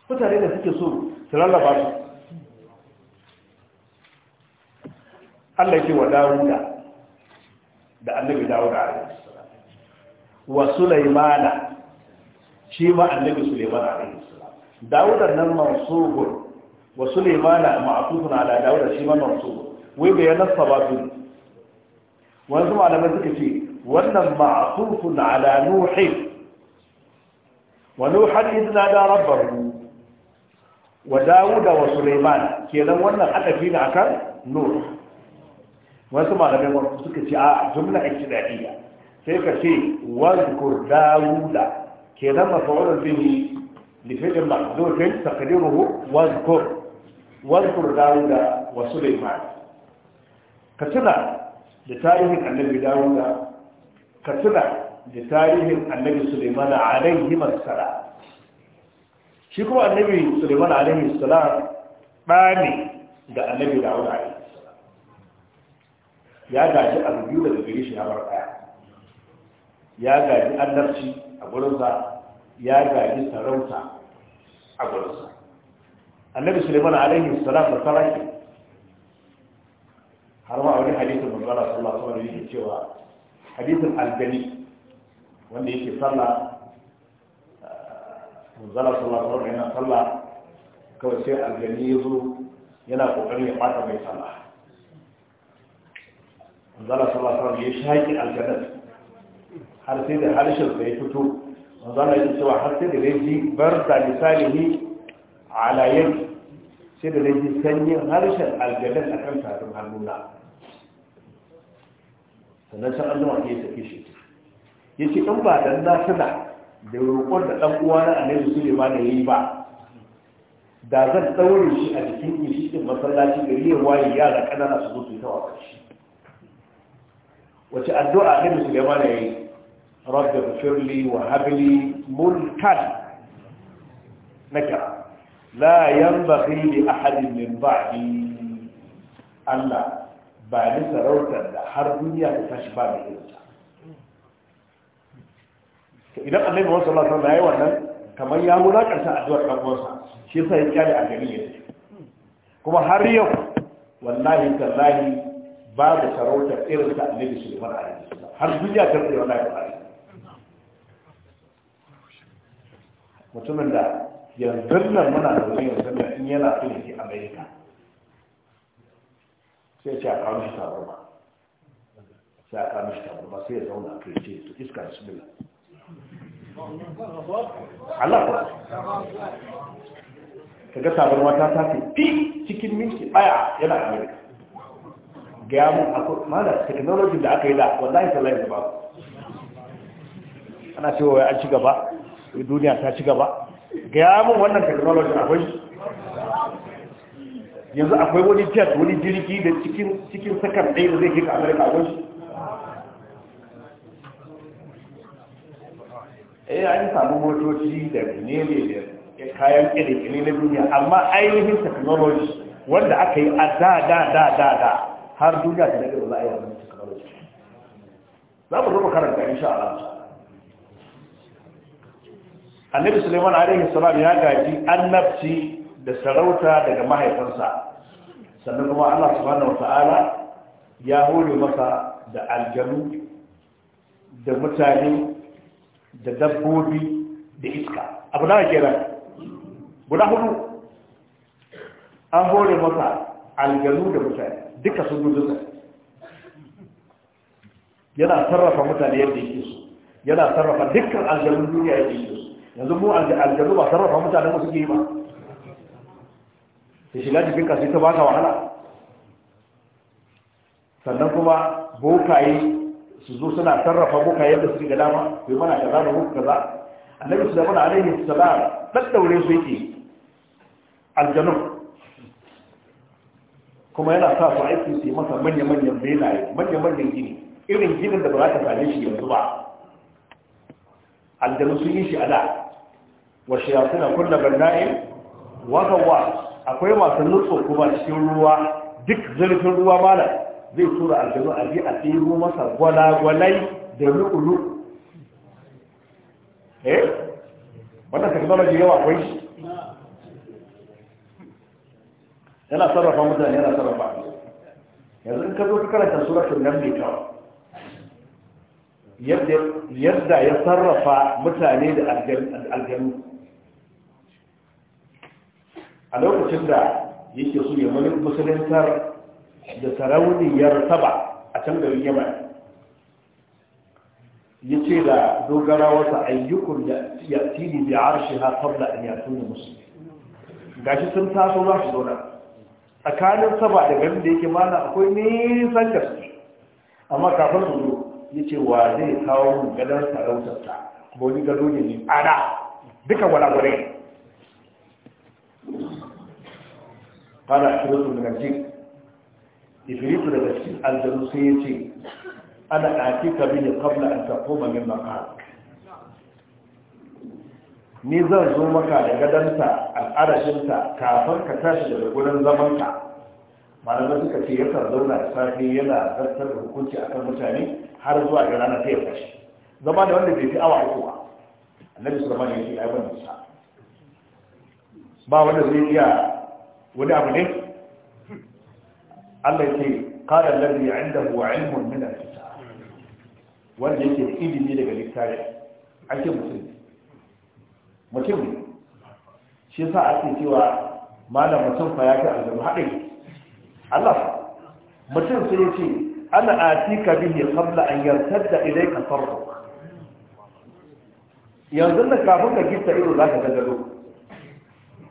mutane da suke so su lallaba su Allah ke wa Dawuda da annabi Dawuda alaihi salam wa Sulaimana shi ma annabi suleiman alaihi salam dawuda nan mansubun wa suleiman ma'tufun ala dawuda shi ma mansubun wai bai nasa ba su wanzu malamai suka ce wannan ma'tufun ala nuhi wa nuhan idna da rabbahu wa dawuda wa suleiman kenan wannan haɗa fi ne akan nuh wasu malamai suka ce a jumla ikhtidaiya sai ka ce wazkur dawuda kenan mafa'ulun bihi لفعل محذوف تقديره واذكر واذكر داود وسليمان كتنا لتاريخ النبي داود كتنا لتاريخ النبي سليمان عليهما السلام shi kuma annabi suleiman alaihi salam ɗa ne da annabi dawud alaihi salam ya gaji abu biyu daga gare shi ya bar ɗaya ya gaji annabci a gurinsa ya gaji sarauta a gurinsa annabi suleiman alaihi salam da sarki har ma wani hadisin manzo sallah sallallahu alaihi yake cewa hadisin algani wanda yake sallah manzo sallah sallallahu yana sallah kawai sai ya zo yana kokarin ya bata mai sallah manzo sallah sallallahu alaihi ya shaƙi algani har sai da harshen sa ya fito manzo Allah ya cewa har sai da yaji bar da misalihi ala yadi sai da yaji sanyin harshen aljadan akan tafin hannuna sannan san Allah ya tafi shi yace in ba dan na tana da roƙon da ɗan uwa na Annabi Sulaiman ya yi ba da zan ɗaure shi a cikin ishikin masallaci gari ya waye yara kanana su zo su yi tawakkal shi wace addu'a Annabi Sulaiman ya yi رب اغفر لي وهب لي ملكا نكرة لا ينبغي لأحد من بعدي الله بعد سروتا har duniya ta tashi ba da irinsa idan annabi wasu Allah sallallahu alaihi wannan kamar ya mulakanta addu'ar dan uwansa shi yasa ya kyale a gari ya kuma har yau wallahi tallahi babu sarauta irinsa annabi Sulaiman alaihi salam har duniya ta mutumin da yanzu nan muna da wajen yanzu nan in yana so yake amerika sai ce a kawo shi tabarma sai a kawo shi tabarma sai ya zauna kai ce to iska bila Allah ba ka ga tabarma ta tafi fi cikin minti baya yana amerika gaya mun akwai mana technology da aka yi da wallahi sallah ba ana cewa an ci gaba duniya ta ci gaba gaya mun wannan technology akwai yanzu akwai wani jet wani jirgi da cikin sakar ɗaya da zai kika amurka akwai shi eh an samu motoci da ne da kayan ƙirƙiri na duniya amma ainihin technology wanda aka yi a da da da da da har duniya ta daga za a yi wannan technology za mu zo karanta insha Allah annabi suleiman alaihi salam ya gaji annabci da sarauta daga mahaifinsa sannan kuma allah subhanahu wata'ala ya hore masa da aljanu da mutane da dabbobi da iska abu na kenan guda hudu an hore masa aljanu da mutane duka sun gudu yana sarrafa mutane yadda yake so yana sarrafa dukkan aljanu duniya yadda yake so yanzu mu aljanu ba sarrafa mutanen mu suke yi ba ta shiga jikin ka sai ta baka wahala sannan kuma bokaye su zo suna sarrafa bokaye yadda suke ga dama kai mana kaza da muku kaza annabi sulaiman alaihi salam daddaure su yake aljanu kuma yana sa su aiki su yi masa manya-manyan benaye manya-manyan gini irin ginin da ba za ka same shi yanzu ba aljanu sun yi shi a da wa shayatuna kullu banna'in wa gawa akwai masu nutso kuma cikin ruwa duk zurfin ruwa mana zai tura aljanu a ji a tsiro masa gwalagwalai da lukulu eh wannan technology yawa akwai shi yana sarrafa mutane yana sarrafa yanzu in ka zo ka karanta suratul naml ta yadda ya sarrafa mutane da aljanu a lokacin da yake so ya ne musulintar da sarauniyar saba a can garin yamma, ya ce da dogara wata ayyukun ya tini da arshi ha da a yasun da musulmi gashi sun taso za su zauna tsakanin saba da garin da yake mana akwai nisan gaske amma kafin su zo ya ce wa zai kawo gadon sarautarsa Ba wani gado ne ne ana duka walagwarai قال daga cikin الجن sai ya ce ana آتيك به قبل أن تقوم من مقالك ni zan zo maka da gadanta al'adashinta kafin ka tashi daga gudun zamanka malamai suka ce yakan zauna da safe yana zartar da hukunci a kan mutane har zuwa ga rana ta yamma zama da wanda bai fi awa uku ba annabi sulaiman ya ce ai ban ba wanda zai iya wani abu ne Allah ce, yake qala allazi indahu ilmun min al-kitab wanda yake ilimi daga littafi ake mutum mutum ne shi yasa ake cewa malam mutum fa ya kai azabu haɗin Allah mutum sai ce ana atika bihi qabla an yartadda ka farko. yanzu da kafin ka gita ido za ga gado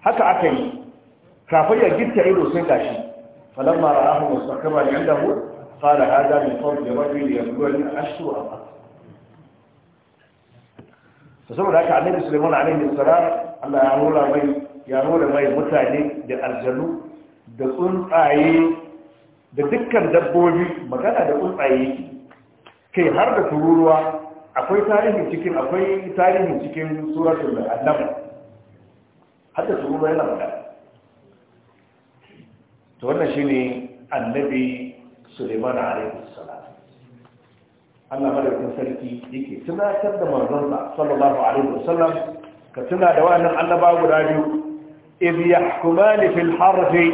haka aka yi kafin ya gitta ido sai gashi falamma ra'ahu mustaqbal indahu qala hada min fadli rabbi li yabluwani ashru am fa saboda haka annabi Sulaiman alaihi salam Allah ya hura mai ya nuna mai mutane da aljanu da tsuntsaye da dukkan dabbobi magana da tsuntsaye kai har da tururuwa akwai tarihin cikin akwai tarihin cikin suratul annabi har tururuwa yana magana to wannan ne annabi Suleiman alaihi salam Allah madaukakin sarki yake tunatar da manzonsa sallallahu alaihi wasallam ka tuna da wannan annaba guda biyu idh yahkumani fil harfi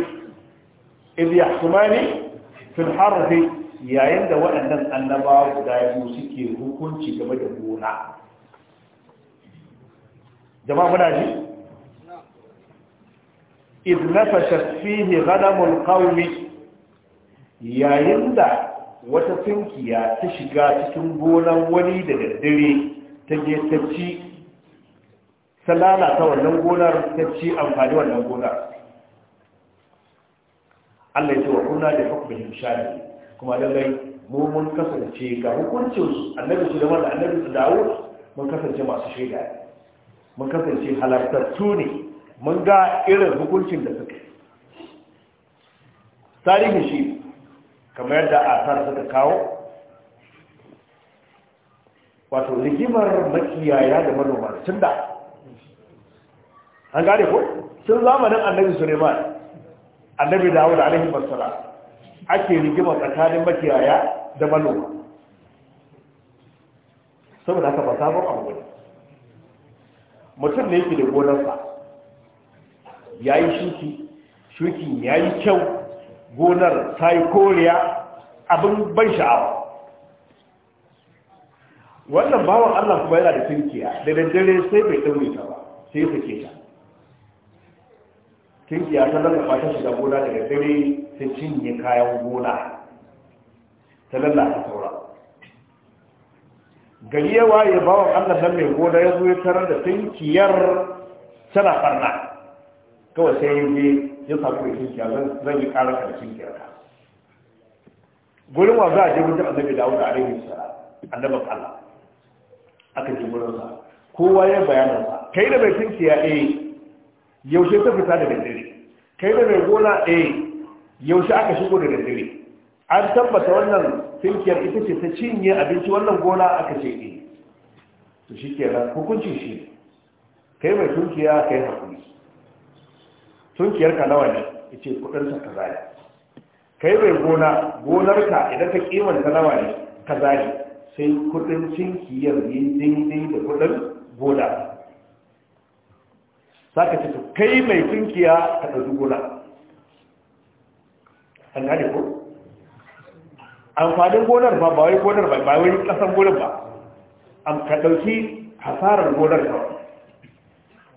idh yahkumani fil harfi yayin da waɗannan annaba guda biyu suke hukunci game da gona jama'a muna ji إذ نفشت فيه غنم القوم يا يندع يا تشقى تتنبولا وليد الدري تجي تتشي سلالة والنبولا تتشي أنفال والنبولا Allah ya ce wa kuna da hukumin shari'a kuma lallai mu mun kasance ga hukuncin su annabi su da wanda annabi su dawo mun kasance masu shaida mun kasance halartattu ne mun ga irin hukuncin da suka tarihi shi kamar yadda asar suka kawo wato rigimar makiyaya da manoma tun da an gane ko tun zamanin annabi suleiman annabi dawud alaihi wassalam ake rigimar tsakanin makiyaya da manoma saboda haka ba sabon abu mutum ne yake da gonarsa ya yi shuki shuki ya yi kyau gonar ta yi koriya abin ban sha'awa wannan bawan allah kuma yana da tunkiya da daddare sai bai ɗaure ta ba sai ya sake ta tunkiya ta lallaba ta shiga gona da daddare ta cinye kayan gona ta lallata saura gari ya waye bawan allah nan mai gona ya zo ya tarar da tunkiyar tana farna kawai sai yin je ya samu ƙarshen kiyar zan yi ƙara kiyar ka gurin wa za a je wajen annabi dawud a alaihi salam annabin allah aka ji sa kowa ya bayanan sa kai da mai tunkiya eh yaushe ta fita da dare kai da mai gona eh yaushe aka shigo da dare an tabbata wannan tunkiyar ita ce ta cinye abinci wannan gona aka ce eh to shi kenan hukunci shi kai mai tunkiya kai hakuri tunkiyarka nawa ne ya ce kudinsa ka zari kai bai gona gonarka idan ka kimanta nawa ne ka zari sai kudin tunkiyar yi daidai da kudin gona za ka ce kai mai tunkiya ka ɗauki gona an gane ko amfanin gonar ba ba wai gonar ba ba wai kasan gonar ba ka ɗauki hasarar gonar ba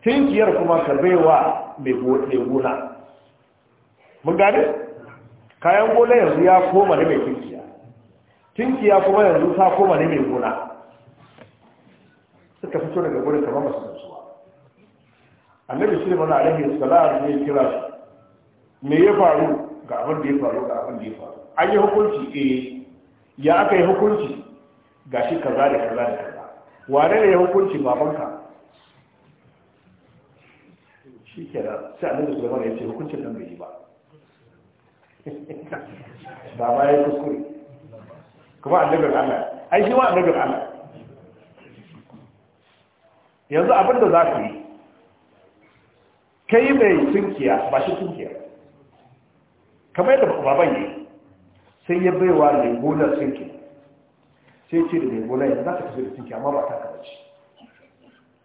tinkiyar kuma ka baiwa mai gona mun gane kayan gona yanzu ya koma ne mai tinkiya tinkiya kuma yanzu ta koma ne mai gona suka fito daga gudun kamar masu kasuwa annabi sulaiman alaihi salam ne kira su me ya faru ga abin da ya faru ga abin da ya faru an yi hukunci eh ya aka yi hukunci Ga shi kaza da kaza da kaza wane ne ya hukunci babanka shi ke da sai annabi sulaiman ya ce hukuncin nan bai yi ba ba ba ya kuskure kuma annabin allah ai shi ma annabin allah yanzu abin da za ku yi kai mai tunkiya ba shi tunkiya kamar yadda baban yi sai ya baiwa mai gonar tunkiya sai ce da mai gonar yanzu za ta fi da tunkiya amma ba ta kamace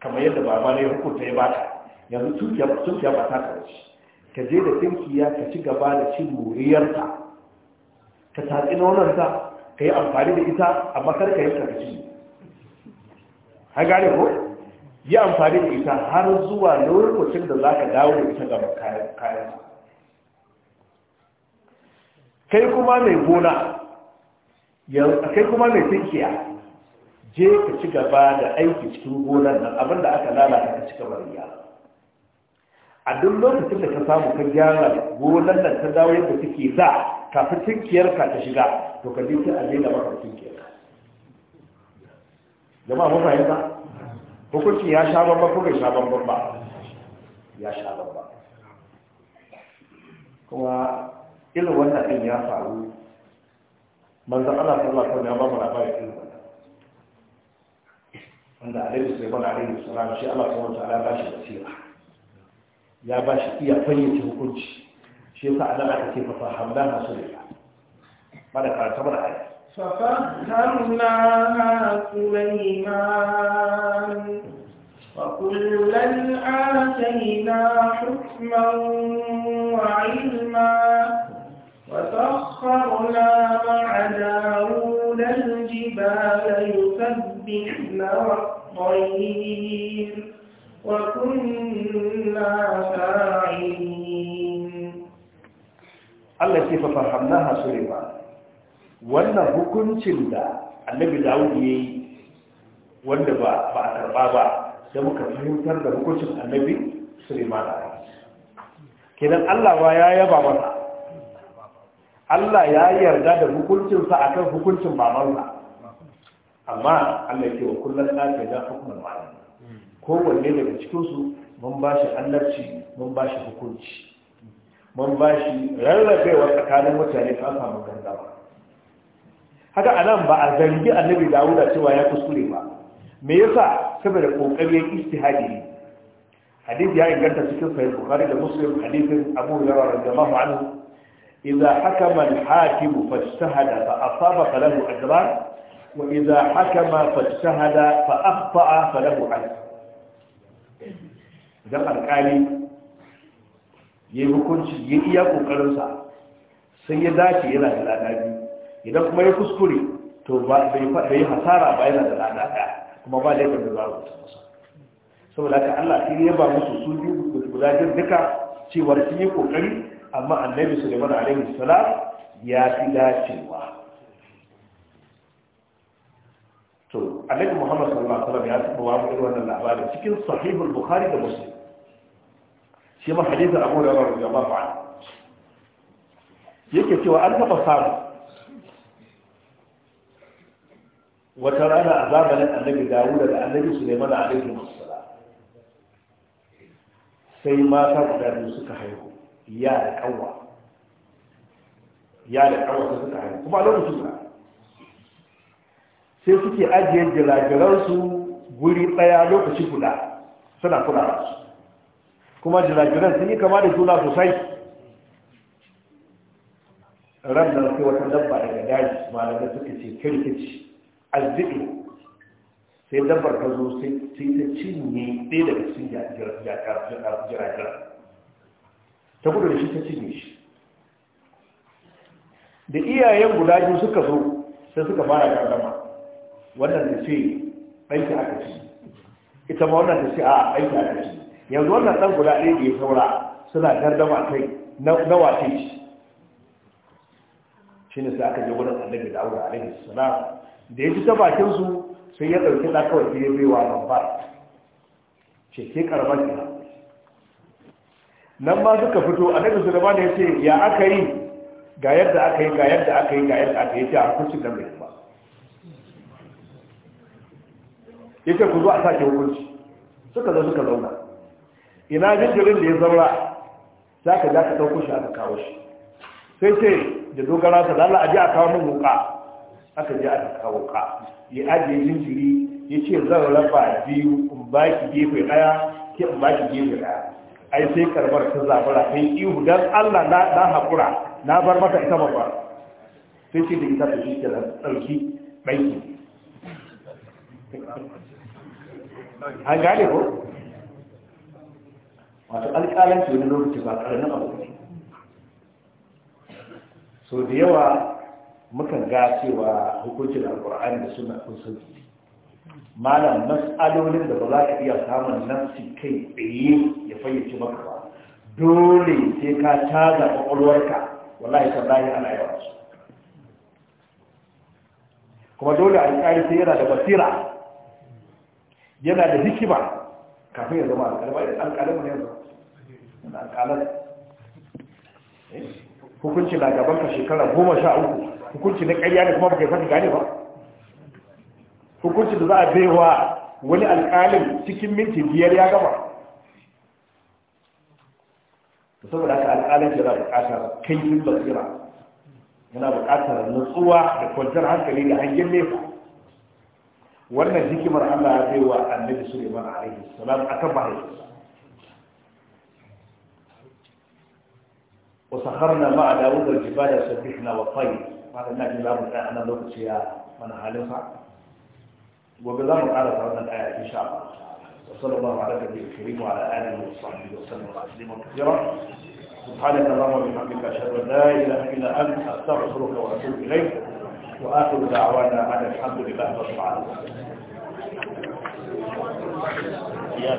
kamar yadda baba ne hukunta ya bata yanzu tukiya ba ta karshe ka je da tinkiya ka ci gaba da cin muriyarta ka tatsi ta, ka yi amfani da ita a makar ka yi karci ha ko yi amfani da ita har zuwa lokacin da za ka dawo da ita gaba kayan kai kuma mai gona kai kuma mai tinkiya je ka ci gaba da aiki cikin gonan nan abinda aka lalata ka ci gaba da yara a duk lokacin da ka samu ka gyara gonan da ta dawo yadda take sa kafin ka ta shiga to ka je sai a da maka ka jama'a mun fahimta hukunci ya sha bamba ko bai sha bamban ba ya sha bamba kuma irin wannan din ya faru manzon Allah sallallahu alaihi wasallam ya ba mu labarin irin wannan wanda alaihi sallallahu alaihi wasallam shi Allah subhanahu wa ta'ala ba shi basira ya ba shi iya fayyace hukunci shi yasa anan aka ce fa fahamna ha sulaiha mana karanta mana ayi ففهمنا سليمان وكلا آتينا حكما وعلما وسخرنا مع داود الجبال يسبحن والطير Allah فاعلين الله hamna فهمناها سليمان wannan hukuncin da annabi dawud ya yi wanda ba a karba ba da muka fahimtar da hukuncin annabi suleiman a kenan allah ba ya yaba masa allah ya yarda da hukuncinsa akan hukuncin babansa amma allah ke wa kullum ɗafe da hukumar ba. kowanne daga cikinsu mun ba shi annarci mun ba shi hukunci mun ba shi rarrabewa tsakanin mutane ta samu gandawa haka a nan ba a zargi annabi dawuda cewa ya kuskure ba me yasa saboda kokarin istihadi ne hadith ya inganta cikin sahih bukhari da muslim hadithin abu hurairah radiyallahu anhu idza hakama al-hakim fajtahada fa asaba falahu ajran wa idza hakama fajtahada fa akhta'a falahu ajran Idan alkali ya yi hukunci ya iya kokarinsa sai ya dace yana da lada biyu idan kuma ya kuskure to ba yi hasara ba yana da lada daya kuma ba laifin da za ba. masa saboda haka Allah sai ya ba musu su biyu guda duka cewa sun yi kokari amma annabi Sulaiman alaihi salam ya fi dacewa to annabi Muhammad sallallahu alaihi wasallam ya taba wa mu wannan labarin cikin sahihul bukhari da muslim shi ma hadisin abu da rabu da mafa yake cewa an taɓa samu wata rana a zamanin annabi dawuda da annabi suleiman alaihi wasallam sai mata guda biyu suka haihu ya da kanwa ya da su suka haihu kuma lokacin da sai suke ajiye jiragiransu guri ɗaya lokaci guda suna kula su kuma jiragiran sun yi kama da juna sosai ran sai wata dabba daga daji malamai suka ce kirkici arziki sai dabbar ta zo sai ta cinye ɗaya daga cikin jiragiran ta gudu da shi ta cinye shi da iyayen guda biyu suka zo sai suka fara gardama wannan da ce aiki aka ci ita ma wannan da ce a aiki aka ci yanzu wannan ɗan guda ɗaya da ya saura suna gardama kai na wace shi shi ne sai aka je wurin annabi da aure alaihi salam da ya ji ta bakin su sai ya ɗauki ɗan kawai sai ya bai wa babbar ce ke karɓar ki nan ma suka fito annabi sulaiman ya ce ya aka yi ga yadda aka yi ga yadda aka yi ga yadda aka yi ta hukuncin da mai ba ya ce ku zo a sake hukunci suka zo suka zauna ina jinjirin da ya zaura za ka za ka ɗauko shi aka kawo shi sai ce da dogara ta, lalla a ji a kawo min wuka aka je aka kawo ka. ya ajiye jinjiri ya ce zan raba biyu in ba ki gefe ɗaya ke in ba ki gefe ɗaya ai sai karbar ta zabara kai ihu dan allah na haƙura na bar maka ita ba sai ce da ita ta shi ke tsarki ɗauki an gane ko wato alƙalanci wani lokaci ba ƙaramin abu ne so da yawa mukan ga cewa hukuncin alƙur'ani da suna kun sauki malam matsalolin da ba za ka iya samun nafsi kai tsaye ya fayyace maka ba dole sai ka caza ƙwaƙwalwarka wallahi tallahi ana yawa su kuma dole a alƙali sai yana da basira yana da hikima kafin ya zama alƙalmai yanzu alƙalar eh? hukunci na gaban ka shekara goma sha uku hukunci na ƙarya ne kuma ba ke fata gane ba hukunci da za a baiwa wani alƙalin cikin minti biyar ya gama saboda haka alƙalin yana buƙatar kaifin basira yana buƙatar nutsuwa da kwanciyar hankali da hangen nefa. wannan hikimar allah ya baiwa annabi suleiman alaihi salam akan mahaifinsa وسخرنا مع داود الجبال يسبحنا والطير معنى أنك لا متعنا لوكس يا من حالفة وبدأنا على قرآن الآية إن شاء الله وصلى الله على النبي الكريم وعلى آله وصحبه وسلم تسليما كثيرا سبحانك اللهم وبحمدك أشهد أن لا إله إلا أنت أستغفرك وأتوب إليك وآخر دعوانا أن الحمد لله رب العالمين Yes.